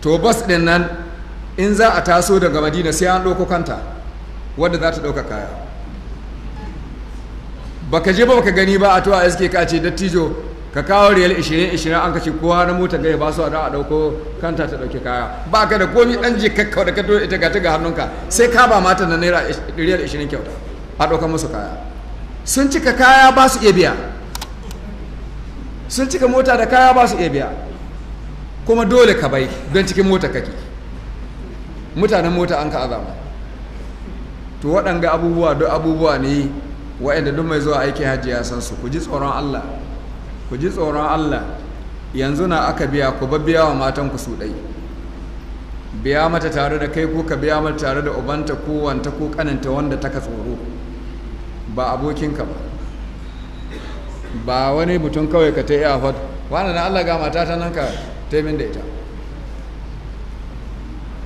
to bus ɗin nan in za a taso daga madina sai an ɗauko kanta wadda za ta ɗauka kaya baka je ba baka gani ba a to a iske ka ce dattijo ka kawo riyal 20-20 an kace kowa na mota gaya ba su a a dauko kanta ta dauke kaya ba ka da komi dan je kakkau da ka to ita gata ga hannunka sai ka ba mata na naira riyal 20 kyauta a dauka musu kaya sun cika kaya ba su iya biya sun cika mota da kaya ba su iya biya kuma dole ka bai don cikin mota kake mutanen mota an ka azama to waɗanga abubuwa don abubuwa ne wa'inda duk mai zuwa aikin hajji ya san su ku ji tsoron Allah ku ji tsoron Allah yanzu na aka biya ku biya wa matan ku su dai biya mata tare da kai ko ka biya mata tare da ubanta ko wanta ko kananta wanda ta ka tsoro ba abokinka ba ba wani mutum kawai ka ta yi afat wani na Allah ga mata ta nan ka taimin da ita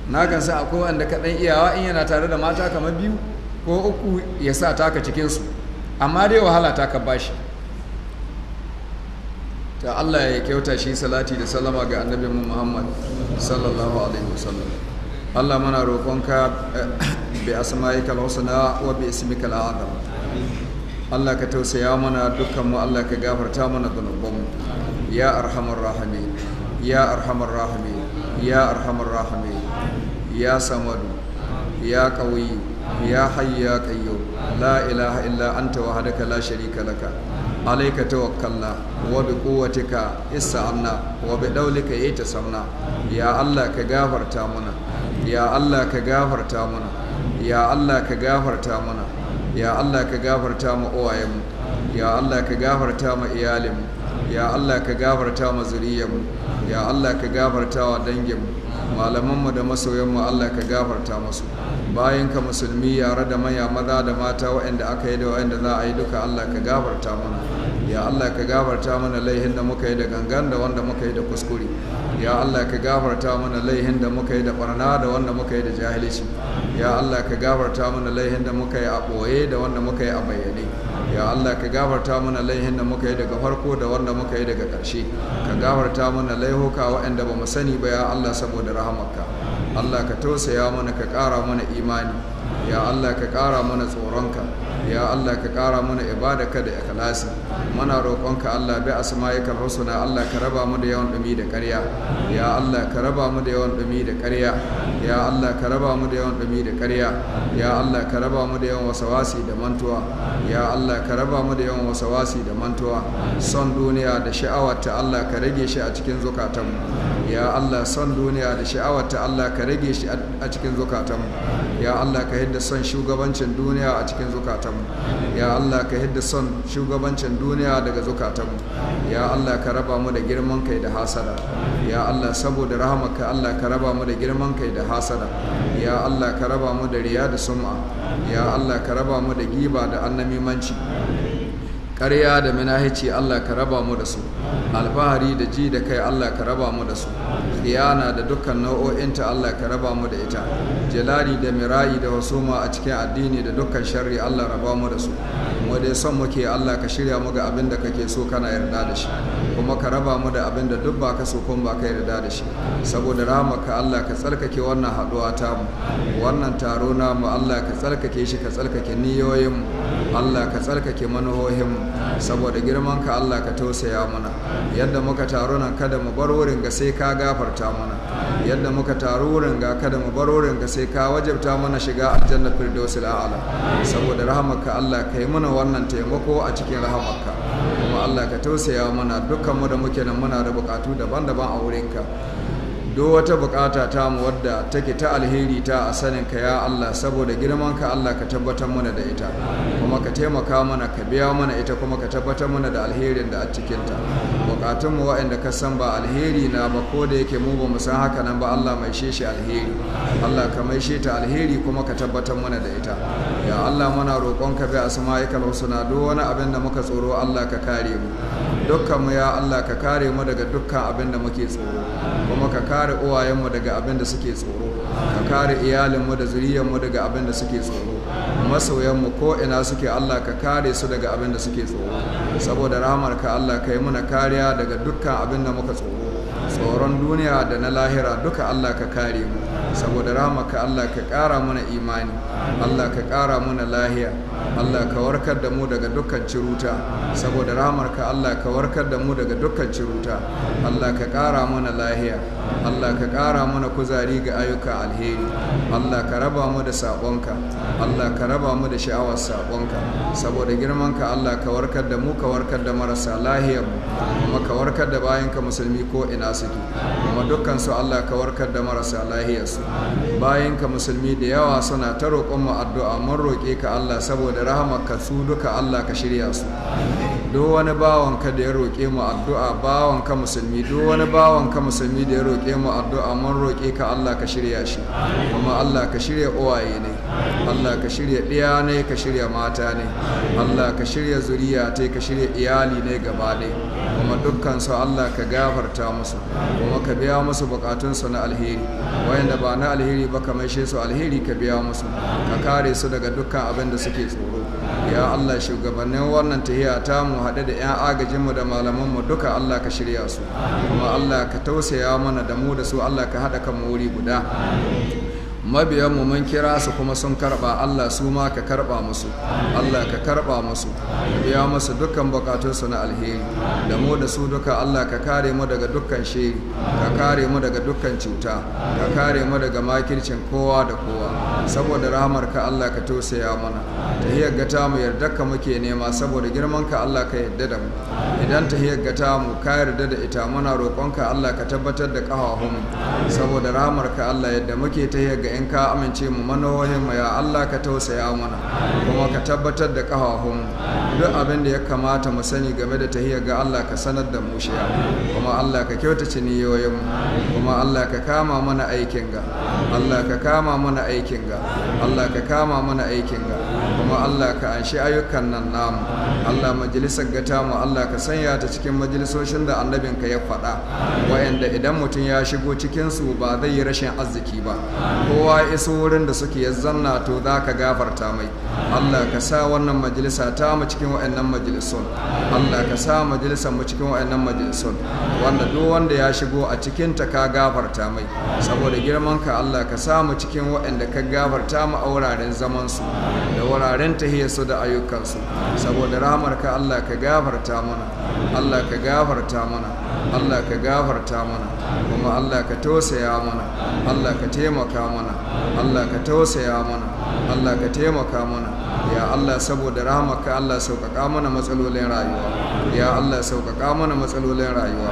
na kan sa akwai wanda ka dan iyawa in yana tare da mata kamar biyu ko uku ya sa taka cikinsu amma dai wahala ta ka bashi ta Allah ya kyauta shi salati da salama ga annabi Muhammad sallallahu alaihi wasallam Allah mana roƙonka eh, bi asma'ikal husna wa bi ismikal azam Allah ka tausaya mana dukkan mu Allah ka gafarta mana dhunubanmu ya arhamar rahimin ya arhamar rahimin ya arhamar rahimin ya samadu ya qawi ya hayya qayyum la ilaha illa anta wahdaka la sharika laka alayka tawakkalna wa bi quwwatika ista'anna wa bi dawlika yatasamna ya Allah ka gafarta mana ya Allah ka gafarta mana ya Allah ka gafarta mana ya Allah ka gafarta mu uwayenmu ya Allah ka gafarta mu iyalinmu ya Allah ka gafarta mu zuriyarmu ya Allah ka gafarta wa danginmu malamanmu da masoyanmu Allah ka gafarta musu bayan ka musulmi yare da maya maza da mata waɗanda aka yi da waɗanda za a yi duka Allah ka gafarta mana ya Allah ka gafarta mana laihin da muka yi da gangan da wanda muka yi da kuskure ya Allah ka gafarta mana laihin da muka yi da barna da wanda muka yi da jahilci ya Allah ka gafarta mana laihin da muka yi a ɓoye da wanda muka yi a bayyane ya Allah ka gafarta mana laihin da muka yi daga farko da wanda muka yi daga ƙarshe ka gafarta mana laihuka waɗanda ba mu sani ba ya Allah saboda rahamarka Allah ka tausaya mana ka ƙara mana imani ya Allah ka ƙara mana tsoronka ya Allah ka ƙara mana ibadaka da ikhlasi muna roƙonka Allah bi asma'ika husna Allah ka raba mu da yawan dumi da ƙarya ya Allah ka raba mu da yawan dumi da ƙarya ya Allah ka raba mu da yawan dumi da ƙarya ya Allah ka raba mu da yawan wasawasi da mantuwa ya Allah ka raba mu da yawan wasawasi da mantuwa son duniya da sha'awar ta Allah ka rage shi a cikin zukatanmu ya Allah son duniya da sha'awarta Allah ka rage shi a cikin zukatanmu ya Allah ka hidda son shugabancin duniya a cikin zukatanmu ya Allah ka hidda son shugabancin duniya daga zukatanmu ya Allah ka raba mu da girman kai da hasada ya Allah saboda rahamarka Allah ka raba mu da girman kai da hasada ya Allah ka raba mu da riya da sum'a ya Allah ka raba mu da giba da annamimanci ƙarya da minahici Allah ka raba mu da su alfahari da ji da kai Allah ka raba mu da su khiyana da dukkan nau'o'inta Allah ka raba mu da ita jalali da mirayi da wasuma a cikin addini da dukkan sharri Allah raba mu da su mu dai son muke Allah ka shirya mu ga abin da kake so kana yarda da shi kuma ka raba mu da abin da duk ba ka so kuma ba yarda da shi saboda ka Allah ka tsarkake wannan haduwa ta mu wannan taro na mu Allah ka tsarkake shi ka tsarkake niyoyin mu Allah ka tsarkake manuhohin mu saboda girman ka Allah ka tausaya mana yadda muka taru nan kada mu bar wurin ga sai ka gafarta mana yadda muka taru wurin ga kada mu bar wurin ga sai ka wajabta mana shiga aljanna firdausil a'la saboda rahamarka Allah ka yi mana wannan taimako a cikin rahamarka kuma Allah ka tausaya mana dukkan mu da muke nan muna da bukatu daban-daban a wurinka duk wata bukata ta mu wadda take ta alheri ta a saninka ya Allah saboda girman ka Allah ka tabbatar mana da ita kuma ka taimaka mana ka biya mana ita kuma ka tabbatar mana da alherin da a cikinta. ta bukatun mu waɗanda ka san ba alheri na ba ko da yake mu ba mu san haka nan ba Allah mai shi alheri Allah ka mai ta alheri kuma ka tabbatar mana da ita ya Allah muna roƙon ka bi asma'ikal husna duk wani abin da muka tsoro Allah ka kare mu dukkanmu ya Allah ka kare mu daga dukkan abin da muke tsoro kuma ka kare uwayenmu daga abin da suke tsoro ka kare iyalinmu da zuriyarmu daga abin da suke tsoro masoyanmu ko ina suke Allah ka kare su daga abin da suke tsoro saboda ka Allah ka yi muna kariya daga dukkan abin da muka tsoro tsoron duniya da na lahira duka Allah ka kare mu saboda ramaka Allah ka ƙara mana imani Allah ka ƙara mana lahiya Allah ka warkar da mu daga dukkan ciruta saboda ramarka Allah ka warkar da mu daga dukkan ciruta Allah ka ƙara mana lahiya Allah ka ƙara mana kuzari ga ayyuka alheri Allah ka raba mu da saƙonka Allah ka raba mu da sha'awar saƙonka saboda girmanka Allah ka warkar da mu ka warkar da marasa lahiya kuma ka warkar da bayanka musulmi ko ina suke kuma dukkan su Allah ka warkar da marasa lahiyarsu bayan ka musulmi da yawa suna ta roƙon mu addu'a mun roƙe ka Allah saboda rahamarka su duka Allah ka shirya su duk wani bawan ka da ya roƙe mu addu'a bawan ka musulmi duk wani bawan ka musulmi da ya roƙe mu addu'a mun roƙe ka Allah ka shirya shi kuma Allah ka shirya uwaye ne Allah ka shirya ɗiya ne ka shirya mata ne Allah ka shirya zuriya ta ka shirya iyali ne gaba ɗaya kuma dukkansu Allah ka gafarta musu kuma ka biya musu bukatunsu na alheri wayanda ba na alheri ba kamar maishe su alheri ka biya musu ka kare su daga dukkan abin da suke tsoro ya Allah shugabannin wannan tahiya ta mu haɗe da 'yan agajinmu da malaman mu duka Allah ka shirya su kuma Allah ka tausaya mana da mu da su Allah ka haɗa kan wuri guda mabiyanmu mun kira su kuma sun karba Allah su ma ka karba musu Allah ka karba musu biya musu dukkan bukatunsu na alheri da mu da su duka Allah ka kare mu daga dukkan shiri ka kare mu daga dukkan cuta ka kare mu daga makircin kowa da kowa saboda rahamarka ka Allah ka tausaya mana Ta hiyar gata mu yarda ka muke nema saboda girman ka Allah ka yarda da mu idan ta hiyar gata mu ka yarda da ita muna roƙon ka Allah ka tabbatar da ƙahahun saboda rahamarka ka Allah yadda muke ta hiyar ga in ka amince mu manohin mu ya Allah ka tausaya mana kuma ka tabbatar da ƙahahun duk abin da ya kamata mu sani game da ta hiyar ga Allah ka sanar da mu shiya kuma Allah ka kyautace niyoyin mu kuma Allah ka kama mana aikin ga Allah ka kama mana aikin ga Allah ka kama mana aikinka kuma Allah ka anshi ayyukan nan namu Allah majalisar gata mu Allah ka sanya ta cikin majalisoshin da annabinka ya faɗa wayanda idan mutum ya shigo cikin su ba zai yi rashin arziki ba kowa iso wurin da suke ya zanna to za ka gafarta mai Allah ka sa wannan majalisa ta mu cikin wa'annan majalisun Allah ka sa majalisar mu cikin wa'annan majalisun wanda duk wanda ya shigo a cikin ta ka gafarta mai saboda girman ka Allah ka sa mu cikin wa'anda ka gafarta mu a wuraren zaman su da wuraren su da ayyukansu saboda ka Allah ka gafarta mana Allah ka gafarta mana Allah ka gafarta mana kuma Allah ka tausaya mana Allah ka taimaka mana Allah ka tausaya mana Allah ka taimaka mana ya Allah saboda rahmaka Allah sauƙaƙa mana matsalolin rayuwa ya Allah sauƙaƙa mana matsalolin rayuwa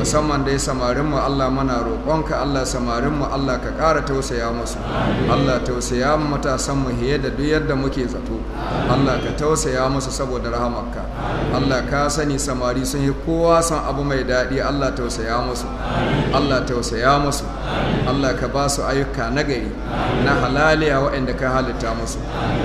musamman dai samarin mu Allah mana roƙonka Allah samarin mu Allah ka ƙara tausaya musu Allah tausaya mu matasan mu hiye da duk yadda muke zato Allah ka tausaya musu saboda rahmaka Allah ka sani samari sun yi kowa san abu mai daɗi Allah tausaya musu Allah tausaya musu Allah ka ba su ayyuka na gari na halaliya waɗanda ka halitta halitta musu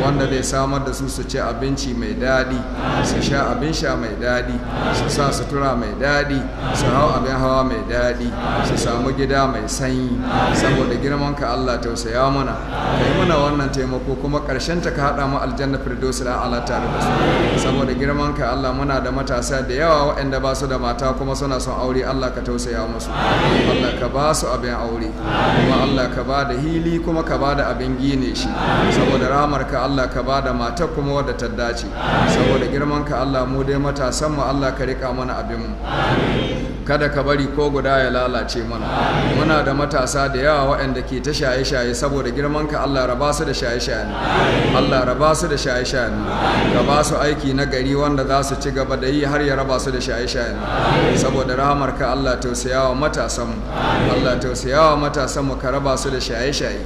wanda zai samar da su su ci abinci mai daɗi su sha abin sha mai daɗi su sa sutura mai daɗi su hau abin hawa mai daɗi su samu gida mai sanyi saboda girman ka Allah tausaya mana kai muna wannan taimako kuma karshen ta ka haɗa mu aljanna su da ala tare da su saboda girman ka Allah muna da matasa da yawa waɗanda ba su da mata kuma suna son aure Allah ka tausaya musu Allah ka ba su abin aure kuma Allah ka ba da hili kuma ka ba da abin gine shi saboda ramar ka Allah ka ba da mata kuma wadda ta dace saboda girman ka Allah mu dai matasan mu Allah ka rika mana abin mu kada ka bari ko guda ya lalace mana muna da matasa da yawa waɗanda ke ta shaye-shaye saboda girman ka Allah raba su da shaye-shayen Allah raba su da shaye-shayen ka ba su aiki na gari wanda za su ci gaba da yi har ya raba su da shaye-shayen saboda rahamar ka Allah tausayawa matasan Allah tausayawa matasan mu ka raba su da shaye-shaye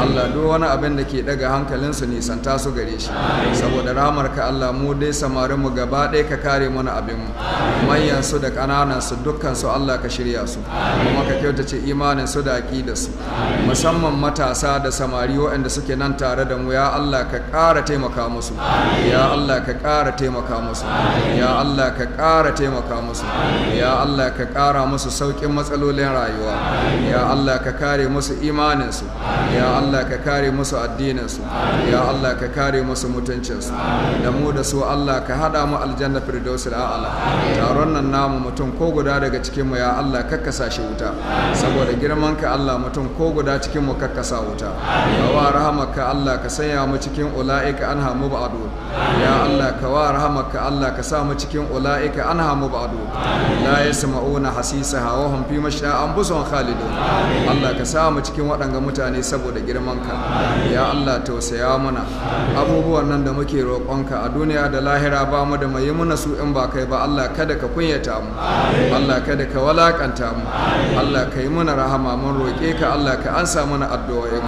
Allah duk wani abin da ke daga hankalin su nisanta su gare shi saboda rahamar ka Allah mu dai samarin mu gaba ɗaya ka kare mana abin mu manyan su da ƙananan su duk su Allah ka shirya su kuma ka kyautace imanin su da aƙida su musamman matasa da samari waɗanda suke nan tare da mu ya Allah ka ƙara taimaka musu ya Allah ka ƙara taimaka musu ya Allah ka ƙara taimaka musu ya Allah ka ƙara musu sauƙin matsalolin rayuwa ya Allah ka kare musu imaninsu ya Allah ka kare musu addininsu ya Allah ka kare musu mutuncinsu da mu da su Allah ka haɗa mu aljanna firdausul ala taron nan namu mutum ko guda daga cikin mu ya Allah kakkasa shi wuta saboda girman ka Allah mutum ko guda cikin mu kakkasa wuta wa rahamaka Allah ka sanya mu cikin ulaika anha mubadu ya Allah ka wa rahamaka Allah ka sa mu cikin ulaika anha mubadu la yasma'una hasisa hawa hum fi an busun khalidun Allah ka sa mu cikin waɗanga mutane saboda girman ka ya Allah tausaya mana abubuwan nan da muke roƙonka a duniya da lahira ba mu da mai yi muna su in ba kai ba Allah kada ka kunyata mu Allah Allah kada ka walakanta mu Allah ka yi muna rahama mun roƙe ka Allah ka ansa mana addu'o'in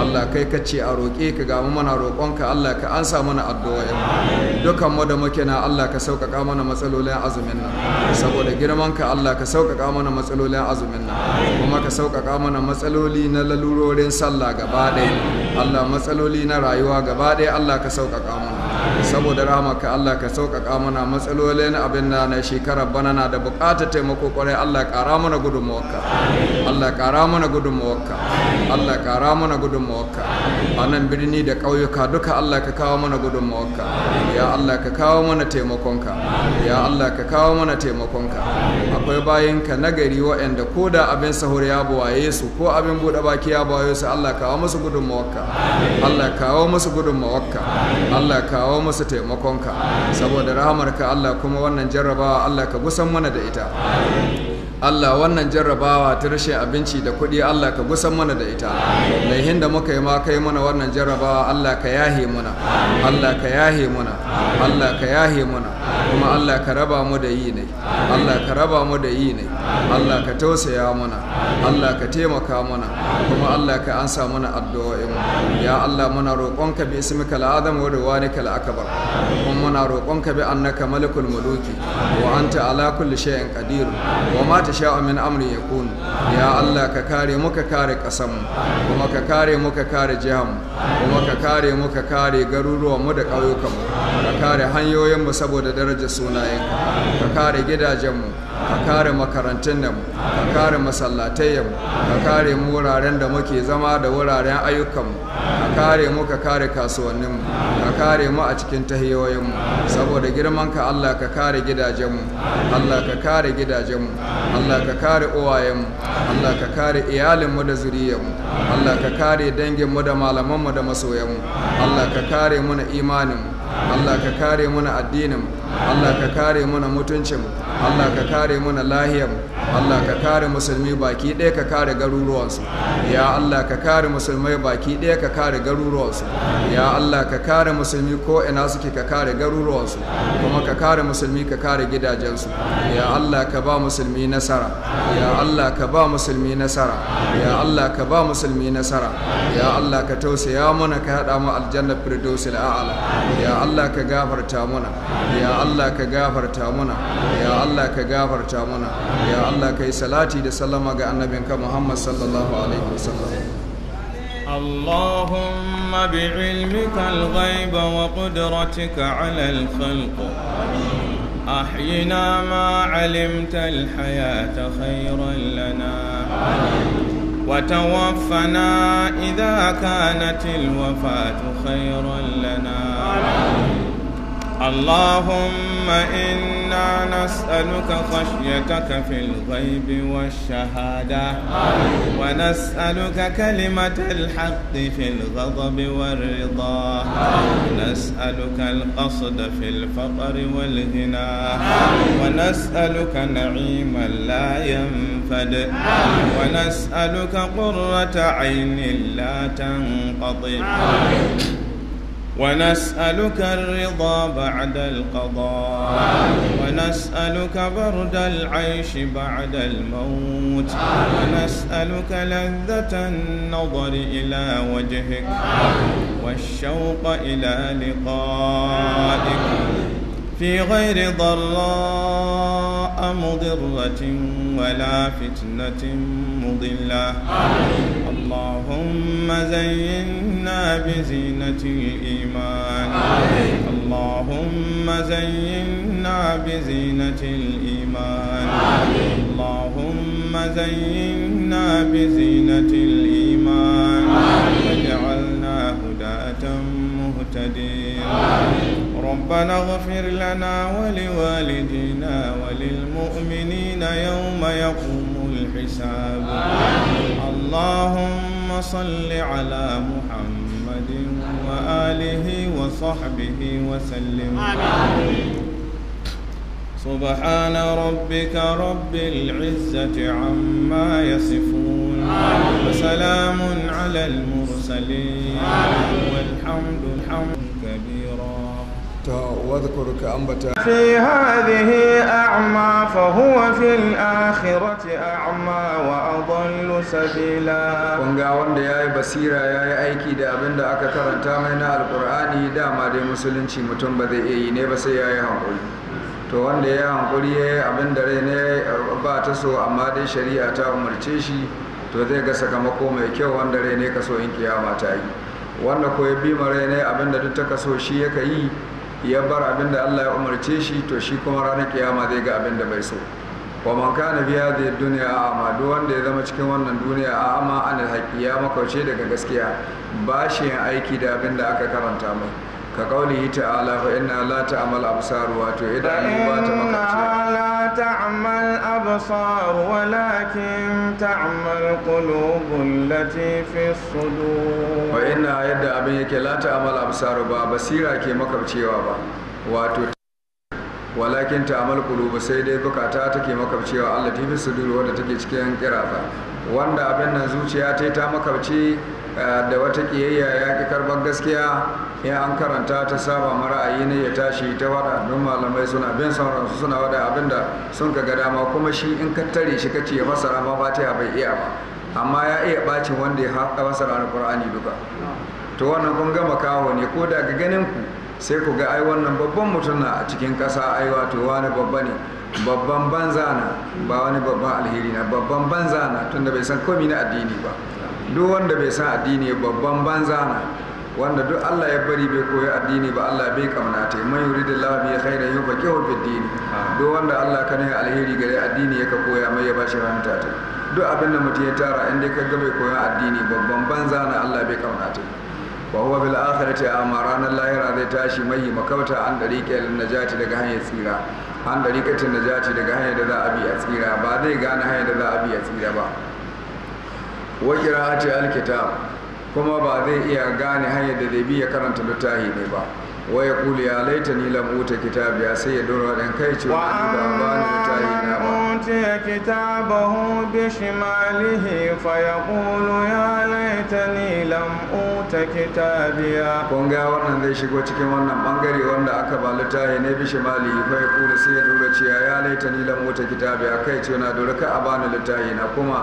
Allah kai ka ce a roƙe ka ga mu muna ka Allah ka ansa mana addu'o'in dukan mu da muke na Allah ka sauƙaƙa mana matsalolin azumin nan saboda girman ka Allah ka sauƙaƙa mana matsalolin azumin nan kuma ka sauƙaƙa mana matsaloli na lalurorin sallah gaba ɗaya Allah matsaloli na rayuwa gaba ɗaya Allah ka sauƙaƙa mu. saboda ka Allah ka sauƙaƙa mana matsalolin abin da na shekara bana na da buƙatar taimako ƙwarai Allah ƙara mana gudunmawarka Allah ƙara mana gudunmawarka Allah ƙara mana gudunmawarka a nan birni da ƙauyuka duka Allah ka kawo mana gudunmawarka ya Allah ka kawo mana taimakonka ya Allah ka kawo mana taimakonka akwai bayanka nagari waɗanda ko da abin sahur ya buwaye su ko abin buɗe baki ya buwaye su Allah kawo musu gudun mawakka Allah kawo musu gudun mawakka Allah kawo musu taimakonka saboda rahamarka Allah kuma wannan jarrabawa Allah ka gusan mana da ita Allah wannan jarrabawa ta rashin abinci da kuɗi Allah ka gusan mana da ita laihin hinda muka yi ma kai mana wannan jarrabawa Allah ka yahe muna Allah ka yahe muna Allah ka yahe muna kuma Allah ka raba mu da yi ne Allah ka raba mu da yi ne Allah ka tausaya muna Allah ka taimaka muna kuma Allah ka ansa mana addu'o'in mu ya Allah muna roƙonka bi ismika al'azam wa rawanika al'akbar kuma muna roƙonka bi annaka malikul muluki wa anta ala kulli shay'in qadir wa tasha'u min amri yakun ya Allah ka kare mu ka kare kasan kuma ka kare mu ka kare jihar mu kuma ka kare mu ka kare garuruwan mu da ƙauyukan ka kare hanyoyinmu saboda darajar sunayenka ka kare gidajenmu. ka kare makarantun nan ka kare masallatai mu ka kare mu wuraren da muke zama da wuraren ayyukanmu ka kare mu ka kare kasuwannin ka kare mu a cikin tahiyoyinmu saboda girman ka Allah ka kare gidajen Allah ka kare gidajen Allah ka kare uwayen Allah ka kare iyalin da zuriyar Allah ka kare dangin da malaman mu da masoyan Allah ka kare mu na imanin Allah ka kare muna addinin Allah ka kare muna mutuncin Allah ka kare muna lahiyar Allah ka kare musulmi baki ɗaya ka kare garuruwansu ya Allah ka kare musulmai baki ɗaya ka kare garuruwansu ya Allah ka kare musulmi ko ina suke ka kare garuruwansu kuma ka kare musulmi ka kare gidajensu ya Allah ka ba musulmi nasara ya Allah ka ba musulmi nasara ya Allah ka ba musulmi nasara ya Allah ka tausaya mana ka haɗa mu aljanna firdausil a'la ya ya Allah ka gafarta muna ya Allah ka gafarta muna ya Allah ka gafarta muna ya Allah ka yi salati da salama ga annabinka Muhammad sallallahu alaihi wasallam اللهم بعلمك الغيب وقدرتك على الخلق أحينا ما علمت الحياة خيرا لنا وتوفنا إذا كانت الوفاة خيرا لنا اللهم إنا نسألك خشيتك في الغيب والشهادة ونسألك كلمة الحق في الغضب والرضا نسألك القصد في الفقر والغنى ونسألك نعيما لا ينفع تنفد ونسألك قرة عين لا تنقضي ونسألك الرضا بعد القضاء ونسألك برد العيش بعد الموت ونسألك لذة النظر إلى وجهك والشوق إلى لقائك في غير ضراء مضرة ولا فتنة مضلة اللهم زينا بزينة الإيمان اللهم زينا بزينة الإيمان اللهم زينا بزينة الإيمان واجعلنا هداة مهتدين ربنا اغفر لنا ولوالدينا وللمؤمنين يوم يقوم الحساب آمين. اللهم صل على محمد وآله وصحبه وسلم آمين. سبحان ربك رب العزة عما يصفون وسلام على المرسلين والحمد الحمد كبير kunga wanda ya yi basira ya yi aiki da abin da aka karanta mai na alkur'ani dama dai musulunci mutum ba zai iya yi ne ba sai ya yi hankuri to wanda ya yi hankuri ya yi abin da rai ne ba ta so amma dai shari'a ta umarce shi to zai ga sakamako mai kyau wanda rai ne ka so in kiyama ta yi wanda ko ya bi ma rai ne abin da duk ta kaso shi yaka yi ya bar abin da Allah ya umarce shi to shi kuma ranar kiyama zai ga abin da bai so wa man kana biya da duniya a amma duk wanda ya zama cikin wannan duniya a amma an ya makauce daga gaskiya ba shi aiki da abin da aka karanta mai ka kauli ta'ala fa ina la ta'mal absar wato idanu ba ta ina la ta'mal absar walakin ta'amal qulub lati fi sudur wa ina yadda abin yake la ta'mal absar ba basira ke makarcewa ba wato walakin ta'amal qulub sai dai bukata take makarcewa allati fi sudur wanda take cikin kirafa wanda abin nan zuciya ta ta makarce da wata kiyayya ya ƙi karɓar gaskiya ya an karanta ta saba ra'ayi ne ya tashi ta wada don malamai suna bin sauransu suna wada abinda sun ka ga dama kuma shi in ka tare shi ka ce fasara ma fatiha bai iya ba amma ya iya bacin wanda ya haƙa fasara alƙur'ani duka to wannan kun gama kawo ne ko daga ganin ku sai ku ga ai wannan babban mutum na a cikin kasa ai wato wani babba ne babban banza na ba wani babban alheri na babban banza na tunda bai san komi na addini ba duk wanda bai san addini babban banza na wanda duk Allah ya bari bai koyi addini ba Allah bai kamna ta man yuridillahu bi khairin yufaqihu fi din duk wanda Allah ka yi alheri gare addini ya ka koya mai ya bashi fahimta ta duk abin da mutum ya tara in dai kaga bai koyi addini babban banza na Allah bai kamna ta wa huwa bil akhirati amma ranar lahira zai tashi mai makauta an dariqil najati daga hanyar tsira an dariqatin najati daga hanyar da za a bi a tsira ba zai gane hanyar da za a bi a tsira ba wa ce alkitab kuma ba zai iya gane hanyar da zai bi ya karanta littafi ne ba wa ya kuli ya laita ni lam uta kitabiya sai ya dora dan kai ce wa ba ba ne littafi na ba utiya kitabahu bi shimalihi fa yaqulu ya laita ni lam uta kitabiya kun ga wannan zai shigo cikin wannan bangare wanda aka ba littafi ne bi shimalihi fa yaqulu sai ya dora ciya ya laita ni lam uta kitabiya kai ce na dora ka a ni littafi na kuma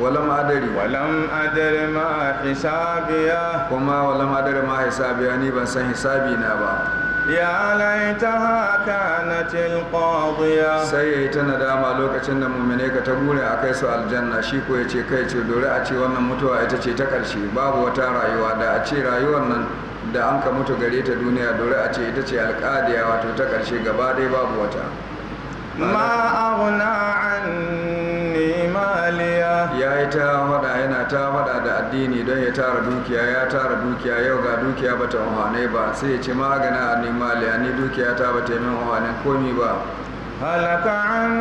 walam adari walam adari ma hisabiya kuma walam adari ma hisabiya ni ban san hisabi na ba ya na cin qadiya sai ya yi ta nadama lokacin da mu'mine ka ta gure a kai su aljanna shi ko ce kai ce dore a ce wannan mutuwa ita ce ta karshe babu wata rayuwa da a ce rayuwar nan da an ka mutu gare ta duniya dole a ce ita ce alƙadiya wato ta ƙarshe gaba dai babu wata ma aghna an maliya ya yi ta mada yana ta mada da addini don ya tara dukiya ya tara dukiya yau ga dukiya ba ta umarne ba sai ya ce magana a ni a ni dukiya ta ba ta yi min umarne komi ba halaka an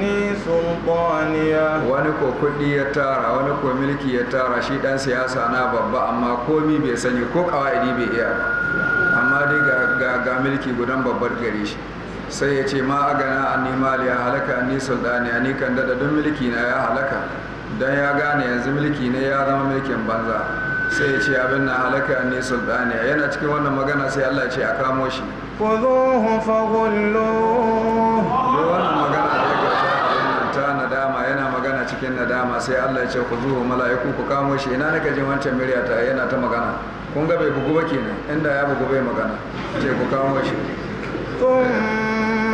ni sultaniya wani ko kudi ya tara wani ko milki ya tara shi dan siyasa na babba amma komi bai sani ko kawai ni bai iya amma dai ga, milki gudan babbar gare shi sai ya ce ma agana anni mali ya halaka ni sultani ni kan dada duk mulki na ya halaka don ya gane yanzu mulki ne ya zama mulkin banza sai ya ce abin na halaka ni sultani yana cikin wannan magana sai Allah ya ce a kamo shi khudhuhu fagullo da wannan magana da ya gaba ta nadama yana magana cikin nadama sai Allah ya ce khudhuhu mala'iku ku kamo shi ina nake jin wancan murya ta yana ta magana kun ga bai bugu ba kenan inda ya bugu bai magana ce ku kamo shi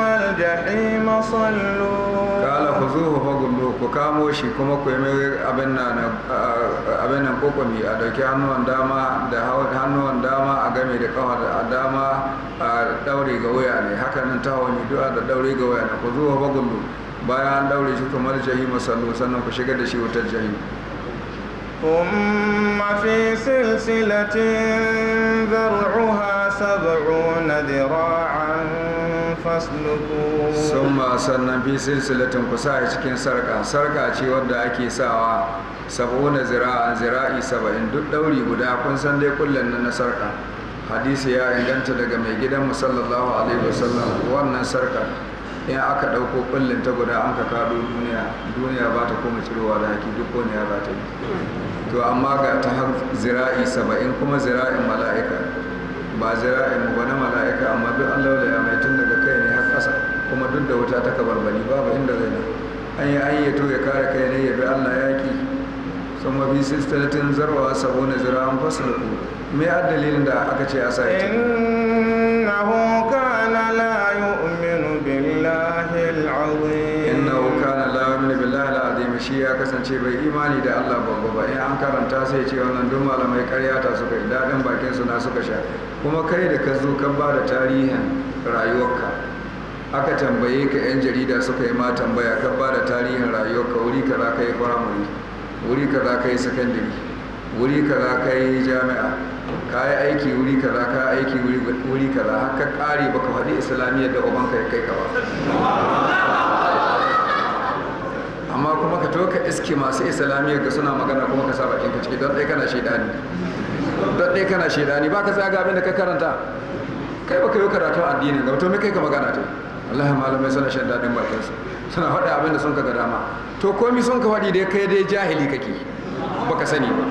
الجحيم صلوا قال خذوه ku kama shi kuma ku yi abin nan kokumi a dauki hannuwan dama da hannuwan dama a game da kawa da dama a daure ga waya hakanan ta wani du'a da daure ga waya ne ku zuwa bagullu bayan an daure shi kamar jahima sallu sannan ku shiga da shi wutar jahima ثم في سلسلة ذرعها سبعون ذراعا sun summa sannan fi silsilatin kusa a cikin sarka sarka ce wadda ake sawa na zira'an zira'i saba'in duk dauri guda kun san dai kullum na sarka hadisi ya inganta daga mai gidan mu sallallahu alaihi wasallam wannan sarka in aka ɗauko kullum ta guda an ka kado duniya duniya ba ta koma cirowa da haki duk wani ya ta yi to amma ga ta har zira'i saba'in kuma zira'in mala'ika ba zira'in ba na mala'ika amma duk an ya mai tun daga ƙasa kuma duk da wuta ta kabarbali babu inda zai na an yi ayyato ya kare kai ne ya bi allah yaƙi sun mafi sistalatin zarwa sabo na zira an fasa da kuma me a dalilin da aka ce a sa ya billahi al Inna billahi al shi ya kasance bai imani da Allah babba ba in an karanta sai ce wannan duk malamai ƙarya ta suka yi daɗin bakin su na suka sha kuma kai da ka zo ka ba da tarihin rayuwarka aka tambaye ka 'yan jarida suka yi ma tambaya ka ba da tarihin rayuwarka wuri za ka yi firamare wuri za ka yi sakandare wuri za ka yi jami'a ka yi aiki wuri ka za ka aiki wuri ka za ka kare baka faɗi islamiyyar da ubanka ya kai ka ba amma kuma ka toka iski iske masu islamiyyar ga suna magana kuma ka sa bakin ka ciki don ɗaya kana shaidani don ɗaya kana shaidani ba ka tsaya ga abin da ka karanta kai baka yi karatun addini ga to me kai ka magana ta ya malamai suna shan daɗin bakinsu suna faɗa abinda sun ka ga dama to komi sun ka faɗi dai kai dai jahili kake baka sani ba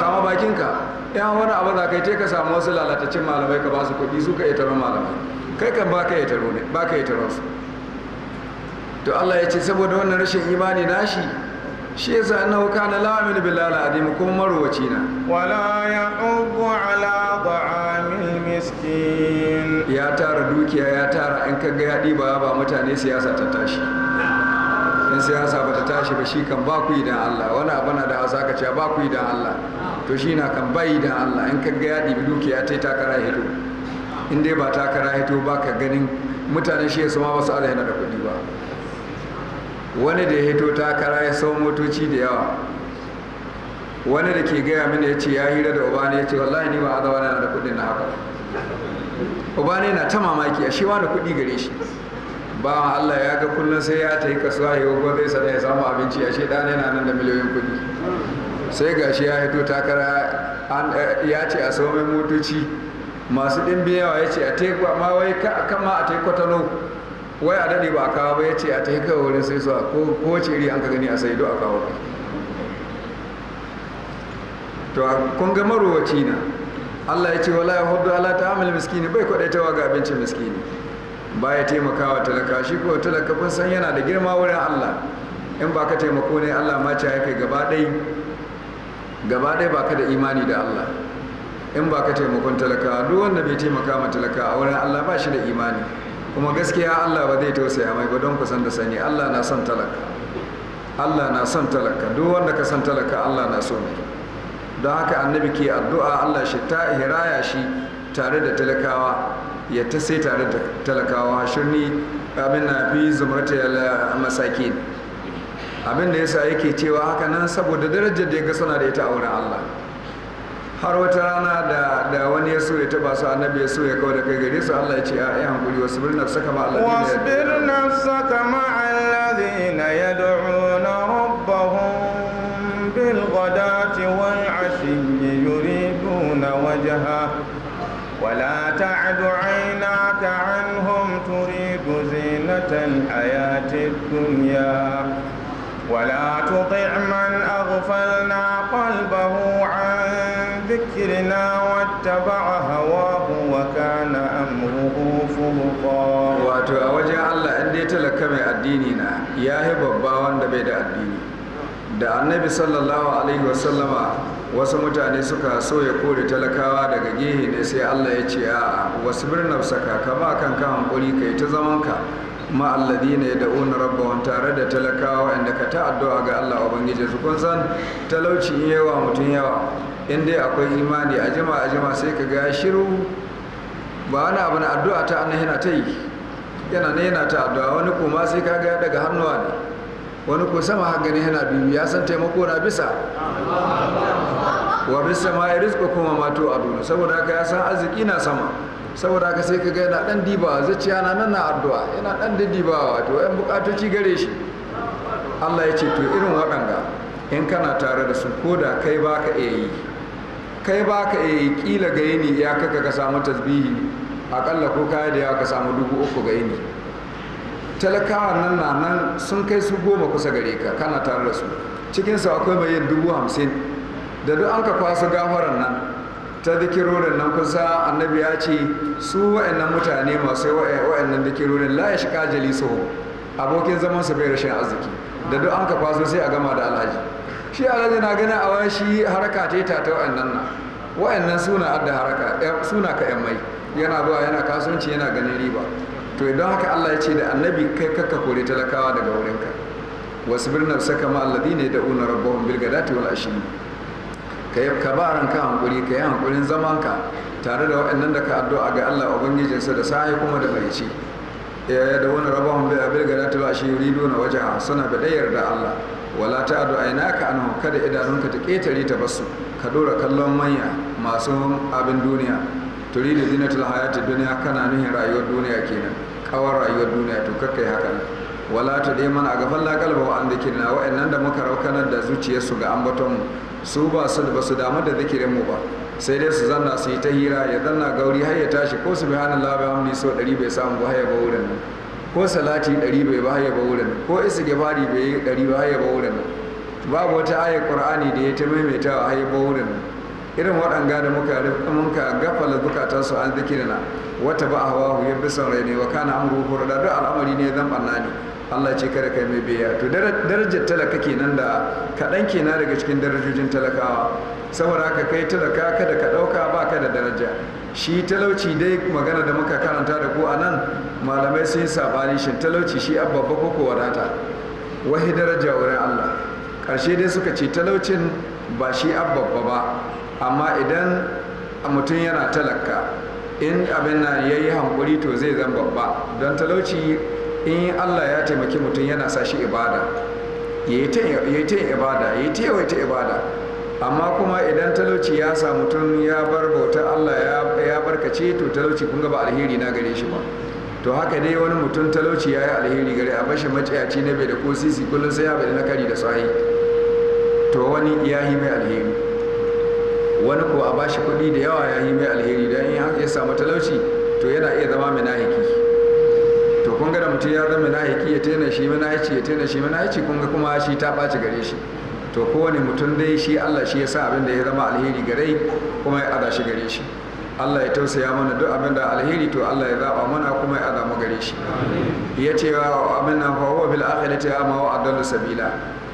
kama bakinka yan wani abu za kai ka samu wasu lalatacin malamai ka ba su kuɗi su ka yi taron malamai kai kan ba ka yi yi taron su to Allah ya ce saboda wannan rashin imani nashi shi yasa annahu kana la min bilal adim kuma marwaci na wala ya ya'ubu ala ta'amil miskin ya tara dukiya ya tara in kaga ya diba ba mutane siyasa ta tashi in siyasa ba ta tashi ba shi kan baku yi idan Allah wani abu na da hausa ka ce baku ku Allah to shi na kan bai da Allah in kaga ya dibi dukiya ta takara hito in dai ba takara hito ba ka ganin mutane shi yasa ma ba su da kuɗi ba wani da ya hito takara ya sau motoci da yawa wani da ke gaya mini ya ce ya hira da obani ya ce wallahi ni ba a zaune na da kudin na haka obani na ta mamaki a shewa da kudi gare shi ba Allah ya ga kullum sai ya ta yi kasuwa ya gobe zai sada ya samu abinci a ne yana nan da miliyoyin kudi sai ga shi ya hito takara eh, ya ce a sau motoci masu ɗin biyawa ya ce a teku ma wai kama a teku kwatano Wai a daɗe ba a kawo ba ya ce a ta yi wurin sai suwa ko wace iri an ka gani a sai do a kawo ba. to kun ga marowaci na Allah ya ce wala ya hudu ala ta amal miskini bai kwadaitawa ga abincin miskini ba ya taimakawa talaka shi ko talaka kun san yana da girma wurin Allah in ba ka taimako ne Allah ma ce ya gaba ɗai gaba ɗai ba ka da imani da Allah in ba ka taimakon talaka duk wanda bai taimaka ma talaka a wurin Allah ba shi da imani kuma gaskiya Allah ba zai tausaya mai ba don ku san da sani Allah na son talaka Allah na son talaka duk wanda ka san talaka Allah na so ne don haka annabi ke addu'a Allah shi ta hiraya shi tare da talakawa ya ta sai tare da talakawa shirni abin na fi zumrata masaki abin da yasa yake cewa haka nan saboda darajar da ya ga suna da ita a wurin Allah har wata rana da wani ya soya ta taba su annabi ya soya ya da kai gare su Allah ya ce ai hankuri wasbir nafsaka ma alladhina wasbir nafsaka ma alladhina yad'una rabbahum bil ghadati wal ashiyyi yuriduna wajha ولا تعد عيناك عنهم تريد زينة الحياة الدنيا ولا تطع من أغفلنا اتبع هواه وكان أمره فرطا واتو أوجه الله talaka mai addini الديننا يا هبابا babba دبيد الدين da annabi sallallahu alaihi wasu mutane suka so ya kore talakawa daga gehe ne sai allah ya ce a wasu birnin saka ka ba kan ka hankuri kai ta zaman ma alladi ne da una rabbawan tare da talakawa inda ka ta addu'a ga allah ubangiji su kun san talauci yawa mutum yawa in dai akwai imani a jima a jima sai ka ga shiru ba wani abu na addu'a ta annahi na ta yi yana ne yana ta addu'a wani kuma sai ka ga daga hannuwa ne wani ko sama har gani yana biyu ya san taimako na bisa wa bisa ma ya rizka kuma mato a duniya saboda haka ya san arziki na sama saboda haka sai ka ga yana dan dibawa zuciya na nan na addu'a yana dan dibawa to yan bukatoci gare shi Allah ya ce to irin waɗanga in kana tare da su ko da kai baka iya yi kai ba ka eh, kila ga yini ya kaka ka samu tasbihi akalla ko kaya da ya ka samu dubu uku ga yini talakawa nan na nan sun kai su goma kusa gare ka kana tare da su cikinsa akwai mai yin dubu hamsin da duk an ka kwasa gafaran nan ta dikirorin nan kusa annabi ya ce su wa'annan mutane masu wa'annan eh, dikirorin la ya shiga jali abokin zaman su bai rashin arziki da duk an ka kwaso sai a gama da alhaji shi alhaji na gani a shi haraka ta yi ta ta wa'annan na wa'annan suna adda haraka eh, suna ka yan mai yana zuwa yana kasuwanci yana ganin riba to idan haka Allah ya ce da annabi kai kakka kore talakawa daga wurinka wasu birnin saka ma ne da unar rabbahum bil gadati wal ashi ka yi ka baran ka hankuri ka yi hankulin zaman ka tare da waɗannan da ka addu'a ga Allah ubangijinsa da sahi kuma da mai eh, ya da wani rabahun bil gadati wal ashi yuriduna wajha suna da yarda Allah wala ta adu aina ka anhu kada idanunka ta ketare ta basu ka dora kallon manya masu abin duniya turi da zinatul hayati duniya kana nuhin rayuwar duniya kenan kawar rayuwar duniya to kakkai hakan wala ta dai mana a gaban lakalba wa an dikirna wa'annan da muka raukanar da zuciyarsu ga ambaton su ba su ba su damu da zikirin mu ba sai dai su zanna su yi ta hira ya zanna gauri har ya tashi ko su subhanallahi wa bihamdihi sau ɗari bai samu ba haya ba wurin nan ko salati ɗari bai ba ya ba wurin ko isa gabari bai yi ɗari ba ya ba wurin babu wata ayar ƙur'ani da ya ta maimaita wa ya ba wurin irin waɗanga da muka muka gafala zukatan su an zikirina wata ba a hawa ya bi son rai ne wa kana amru da duk al'amari ne zan ɓanna ne Allah ce kada kai mai biya to darajar talaka kenan da kaɗan kenan daga cikin darajojin talakawa saboda haka kai talaka kada ka ɗauka ba ka da daraja shi talauci dai magana da muka karanta da ku Anan, malamai sun yi sabani shi talauci shi abba ko ko wadata wahi daraja wurin Allah ƙarshe dai suka ce talaucin ba shi abba ba amma idan mutum yana talaka in abin na ya yi hankuri to zai zan babba don talauci in Allah ya taimaki mutum yana sa shi ibada ya ta ibada ya yi ta yawaita ibada amma kuma idan talauci ya samu tun ya bar bautar Allah ya barkace to talauci kun ga ba alheri na gare shi ba to haka dai wani mutum talauci ya yi alheri gare a bashi maciyaci na bai da ko sisi kullum sai ya bai na kari da sahi to wani ya yi mai alheri wani ko a bashi kuɗi da yawa ya yi mai alheri don in haka ya samu talauci to yana iya zama mai nahiki to kun ga da mutum ya zama mai nahiki ya tena shi mai nahici ya tena shi mai nahici kun ga kuma shi ta ɓaci gare shi to kowane mutum dai shi Allah shi ya sa abin da ya zama alheri gare kuma ya ada shi gare shi Allah ya tausaya mana duk abin da alheri to Allah ya zaba mana kuma ya ada mu gare shi ya ce wa abin nan fa huwa bil akhirati ama wa adallu sabila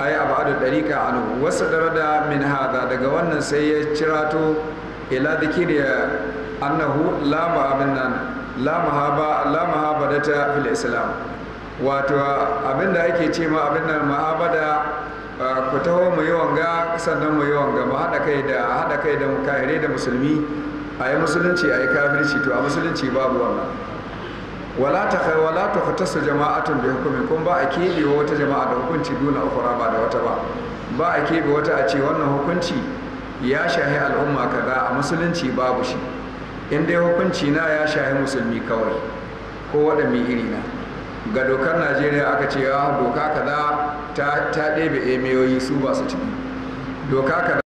ay abadu dariqa anhu wasu darada min hada daga wannan sai ya cirato ila dhikri annahu la ma abin nan la mahaba la mahabadata fil islam wato abin da ake ce ma abin nan mahabada Ah, ku taho mu yi wanga sannan mu yi wanga mu haɗa kai da haɗa kai da kahire da musulmi a yi musulunci a yi kafirci to a musulunci babu wannan wala ta kai wala ta fita su jama'atun da hukumi kun ba a keɓe wata jama'a da hukunci duna ukura ba da wata ba ba a keɓe wata a ce wannan hukunci ya shahi al'umma kaza a musulunci babu shi in dai hukunci na ya shahi musulmi kawai ko waɗanne iri na ga dokar najeriya aka cewa ah, doka kaza ta ɗebe emiyoyi su ba su ciki doka kaza